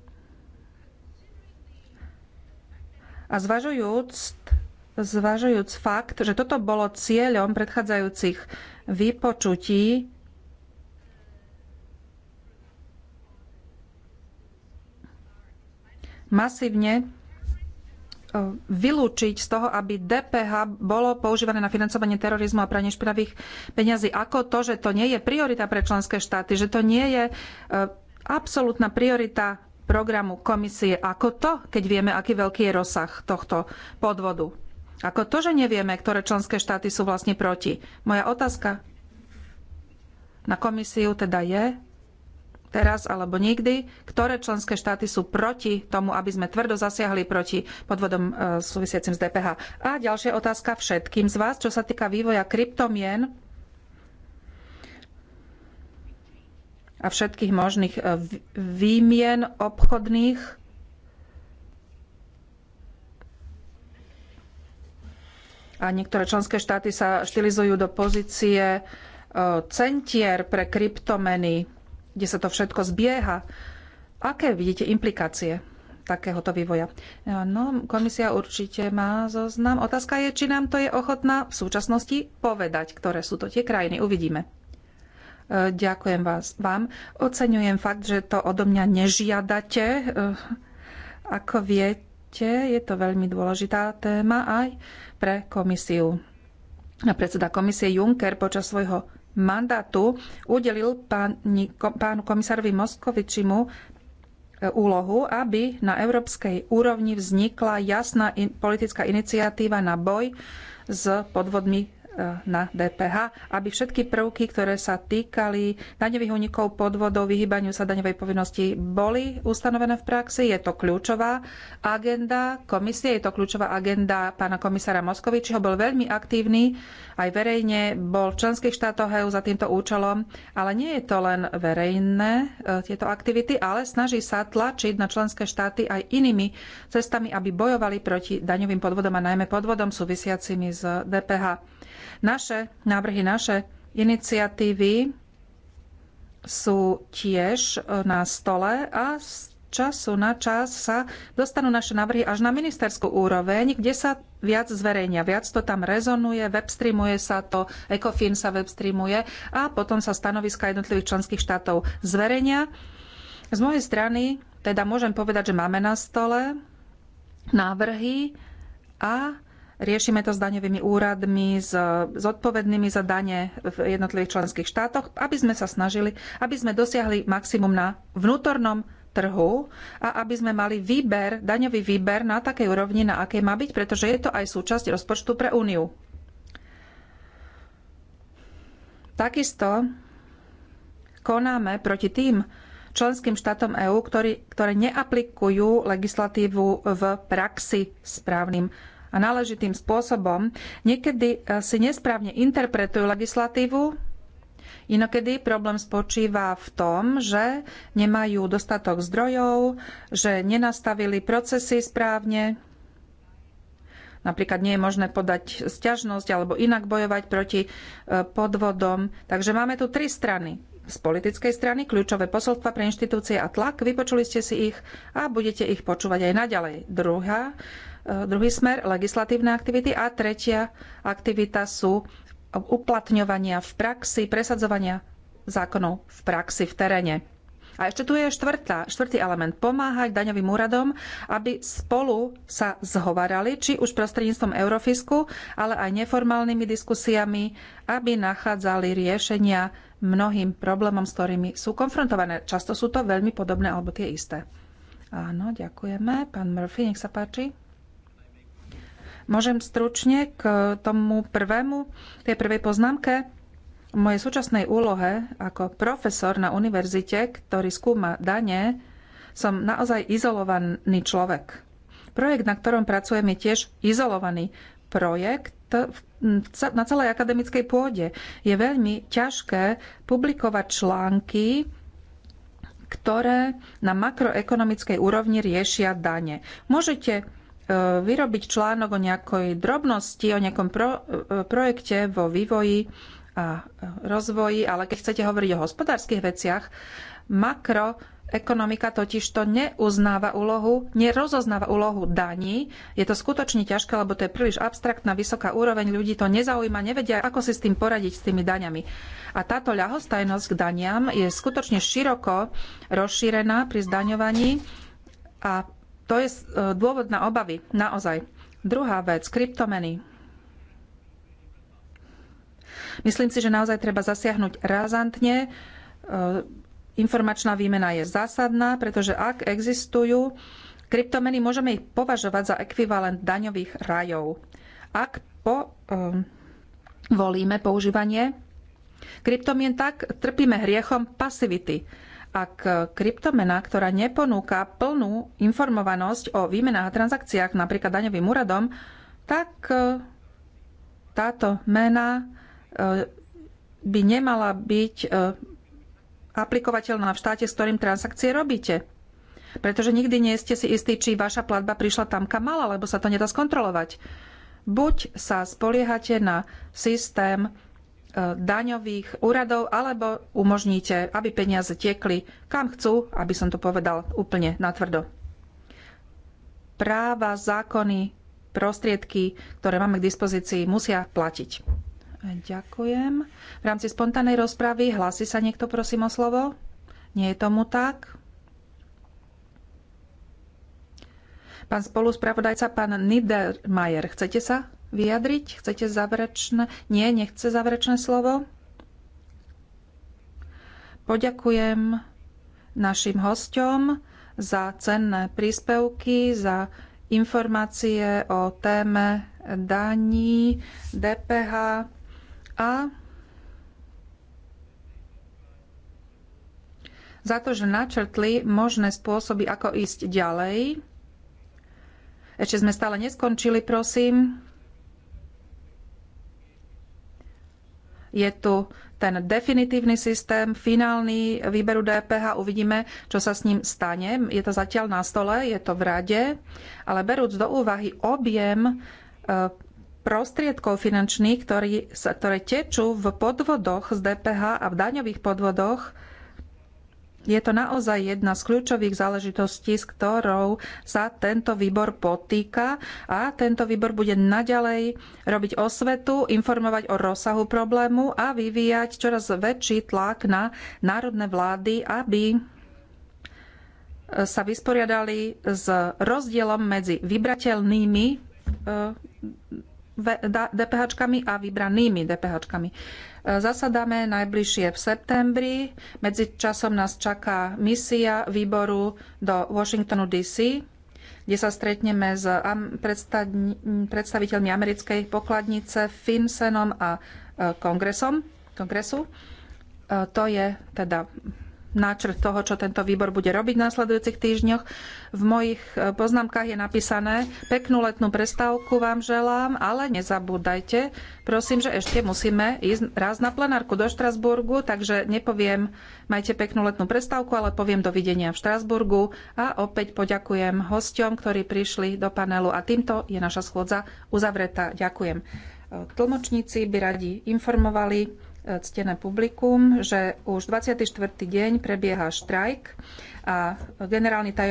a zvažujúc zvažujúc fakt, že toto bolo cieľom predchádzajúcich vypočutí, masívne e, vylúčiť z toho, aby DPH bolo používané na financovanie terorizmu a pranie špinavých peňazí. Ako to, že to nie je priorita pre členské štáty, že to nie je e, absolútna priorita programu komisie. Ako to, keď vieme, aký veľký je rozsah tohto podvodu? Ako to, že nevieme, ktoré členské štáty sú vlastne proti? Moja otázka na komisiu teda je, teraz alebo nikdy, ktoré členské štáty sú proti tomu, aby sme tvrdo zasiahli proti podvodom e, súvisiacim s DPH. A ďalšia otázka všetkým z vás, čo sa týka vývoja kryptomien a všetkých možných e, výmien obchodných a niektoré členské štáty sa štilizujú do pozície e, centier pre kryptomeny, kde sa to všetko zbieha. Aké vidíte implikácie takéhoto vývoja? E, no, komisia určite má zoznam. Otázka je, či nám to je ochotná v súčasnosti povedať, ktoré sú to tie krajiny. Uvidíme. E, ďakujem vás, vám. Oceňujem fakt, že to odo mňa nežiadate. Ako viete, svete. Je to veľmi dôležitá téma aj pre komisiu. A predseda komisie Juncker počas svojho mandátu udelil páni, pánu komisárovi Moskovičimu e, úlohu, aby na európskej úrovni vznikla jasná politická iniciatíva na boj s podvodmi E, na DPH, aby všetky prvky, ktoré sa týkali daňových únikov, podvodov, vyhýbaniu sa daňovej povinnosti, boli ustanovené v praxi. Je to kľúčová agenda komisie, je to kľúčová agenda pána komisára Moskovičiho. Bol veľmi aktívny, aj verejne bol v členských štátoch EU za týmto účelom, ale nie je to len verejné e, tieto aktivity, ale snaží sa tlačiť na členské štáty aj inými cestami, aby bojovali proti daňovým podvodom a najmä podvodom súvisiacimi s DPH. Naše návrhy, naše iniciatívy sú tiež e, na stole a z času na čas sa dostanú naše návrhy až na ministerskú úroveň, kde sa viac zverejnia. Viac to tam rezonuje, webstreamuje sa to, ECOFIN sa webstreamuje a potom sa stanoviska jednotlivých členských štátov zverejnia. Z mojej strany teda môžem povedať, že máme na stole návrhy a Riešime to s daňovými úradmi, s zodpovednými za dane v jednotlivých členských štátoch, aby sme sa snažili, aby sme dosiahli maximum na vnútornom trhu a aby sme mali výber, daňový výber na takej úrovni, na akej má byť, pretože je to aj súčasť rozpočtu pre Úniu. Takisto konáme proti tým členským štátom EÚ, ktoré neaplikujú legislatívu v praxi správnym a náležitým spôsobom, niekedy eh, si nesprávne interpretujú legislatívu, Inokedy problém spočíva v tom, že nemajú dostatok zdrojov, že nenastavili procesy správne, Napríklad nie je možné podať sťažnosť alebo inak bojovať proti eh, podvodom. Takže máme tu tri strany. Z politickej strany kľúčové posolstva pre inštitúcie a tlak. Vypočuli ste si ich a budete ich počúvať aj naďalej. Druhá E, druhý smer legislatívne aktivity a tretia aktivita sú uplatňovania v praxi, presadzovania zákonov v praxi v teréne. A ešte tu je štvrtá, štvrtý element. Pomáhať daňovým úradom, aby spolu sa zhovarali, či už prostredníctvom Eurofisku, ale aj neformálnymi diskusiami, aby nachádzali riešenia mnohým problémom, s ktorými sú konfrontované. Často sú to veľmi podobné alebo tie isté. Áno, ďakujeme. Pán Murphy, nech sa páči. Môžem stručne k tomu prvému, tej prvej poznámke. V mojej súčasnej úlohe ako profesor na univerzite, ktorý skúma dane, som naozaj izolovaný človek. Projekt, na ktorom pracujem, je tiež izolovaný projekt na celej akademickej pôde. Je veľmi ťažké publikovať články, ktoré na makroekonomickej úrovni riešia dane. Môžete E, vyrobiť článok o nejakej drobnosti, o nejakom pro, e, projekte vo vývoji a rozvoji, ale keď chcete hovoriť o hospodárskych veciach, makro Ekonomika totiž to neuznáva úlohu, nerozoznáva úlohu daní. Je to skutočne ťažké, lebo to je príliš abstraktná, vysoká úroveň. Ľudí to nezaujíma, nevedia, ako si s tým poradiť, s tými daňami. A táto ľahostajnosť k daniam je skutočne široko rozšírená pri zdaňovaní a to je e, dôvod na obavy, naozaj. Druhá vec, kryptomeny. Myslím si, že naozaj treba zasiahnuť razantne. E, informačná výmena je zásadná, pretože ak existujú kryptomeny, môžeme ich považovať za ekvivalent daňových rajov. Ak po, um, volíme používanie kryptomien, tak trpíme hriechom pasivity ak kryptomena, ktorá neponúka plnú informovanosť o výmenách a transakciách, napríklad daňovým úradom, tak e, táto mena e, by nemala byť e, aplikovateľná v štáte, s ktorým transakcie robíte. Pretože nikdy nie ste si istí, či vaša platba prišla tam, kam mala, lebo sa to nedá skontrolovať. Buď sa spoliehate na systém E, daňových úradov, alebo umožníte, aby peniaze tiekli kam chcú, aby som to povedal úplne natvrdo. Práva, zákony, prostriedky, ktoré máme k dispozícii, musia platiť. Ďakujem. V rámci spontánnej rozpravy hlási sa niekto, prosím, o slovo? Nie je tomu tak? Pán spoluspravodajca, pán Niedermayer, chcete sa vyjadriť? Chcete záverečné? Nie, nechce záverečné slovo. Poďakujem našim hosťom za cenné príspevky, za informácie o téme daní, DPH a za to, že načrtli možné spôsoby, ako ísť ďalej. Ešte sme stále neskončili, prosím. je tu ten definitívny systém, finálny výberu DPH. Uvidíme, čo sa s ním stane. Je to zatiaľ na stole, je to v rade, ale berúc do úvahy objem e, prostriedkov finančných, ktoré tečú v podvodoch z DPH a v daňových podvodoch, je to naozaj jedna z kľúčových záležitostí, s ktorou sa tento výbor potýka a tento výbor bude naďalej robiť osvetu, informovať o rozsahu problému a vyvíjať čoraz väčší tlak na národné vlády, aby sa vysporiadali s rozdielom medzi vybrateľnými eh, DPH a vybranými DPH. -čkami. E, zasadáme najbližšie v septembri. Medzi časom nás čaká misia výboru do Washingtonu DC, kde sa stretneme s predstaviteľmi americkej pokladnice, FinCENom a e, kongresom, kongresu. E, to je teda náčrt toho, čo tento výbor bude robiť v následujúcich týždňoch. V mojich e, poznámkach je napísané, peknú letnú prestávku vám želám, ale nezabúdajte, prosím, že ešte musíme ísť raz na plenárku do Štrasburgu, takže nepoviem, majte peknú letnú prestávku, ale poviem dovidenia v Štrasburgu a opäť poďakujem hostiom, ktorí prišli do panelu a týmto je naša schôdza uzavretá. Ďakujem. E, tlmočníci by radi informovali E, ctené publikum, že už 24. deň prebieha štrajk a generálny tajomník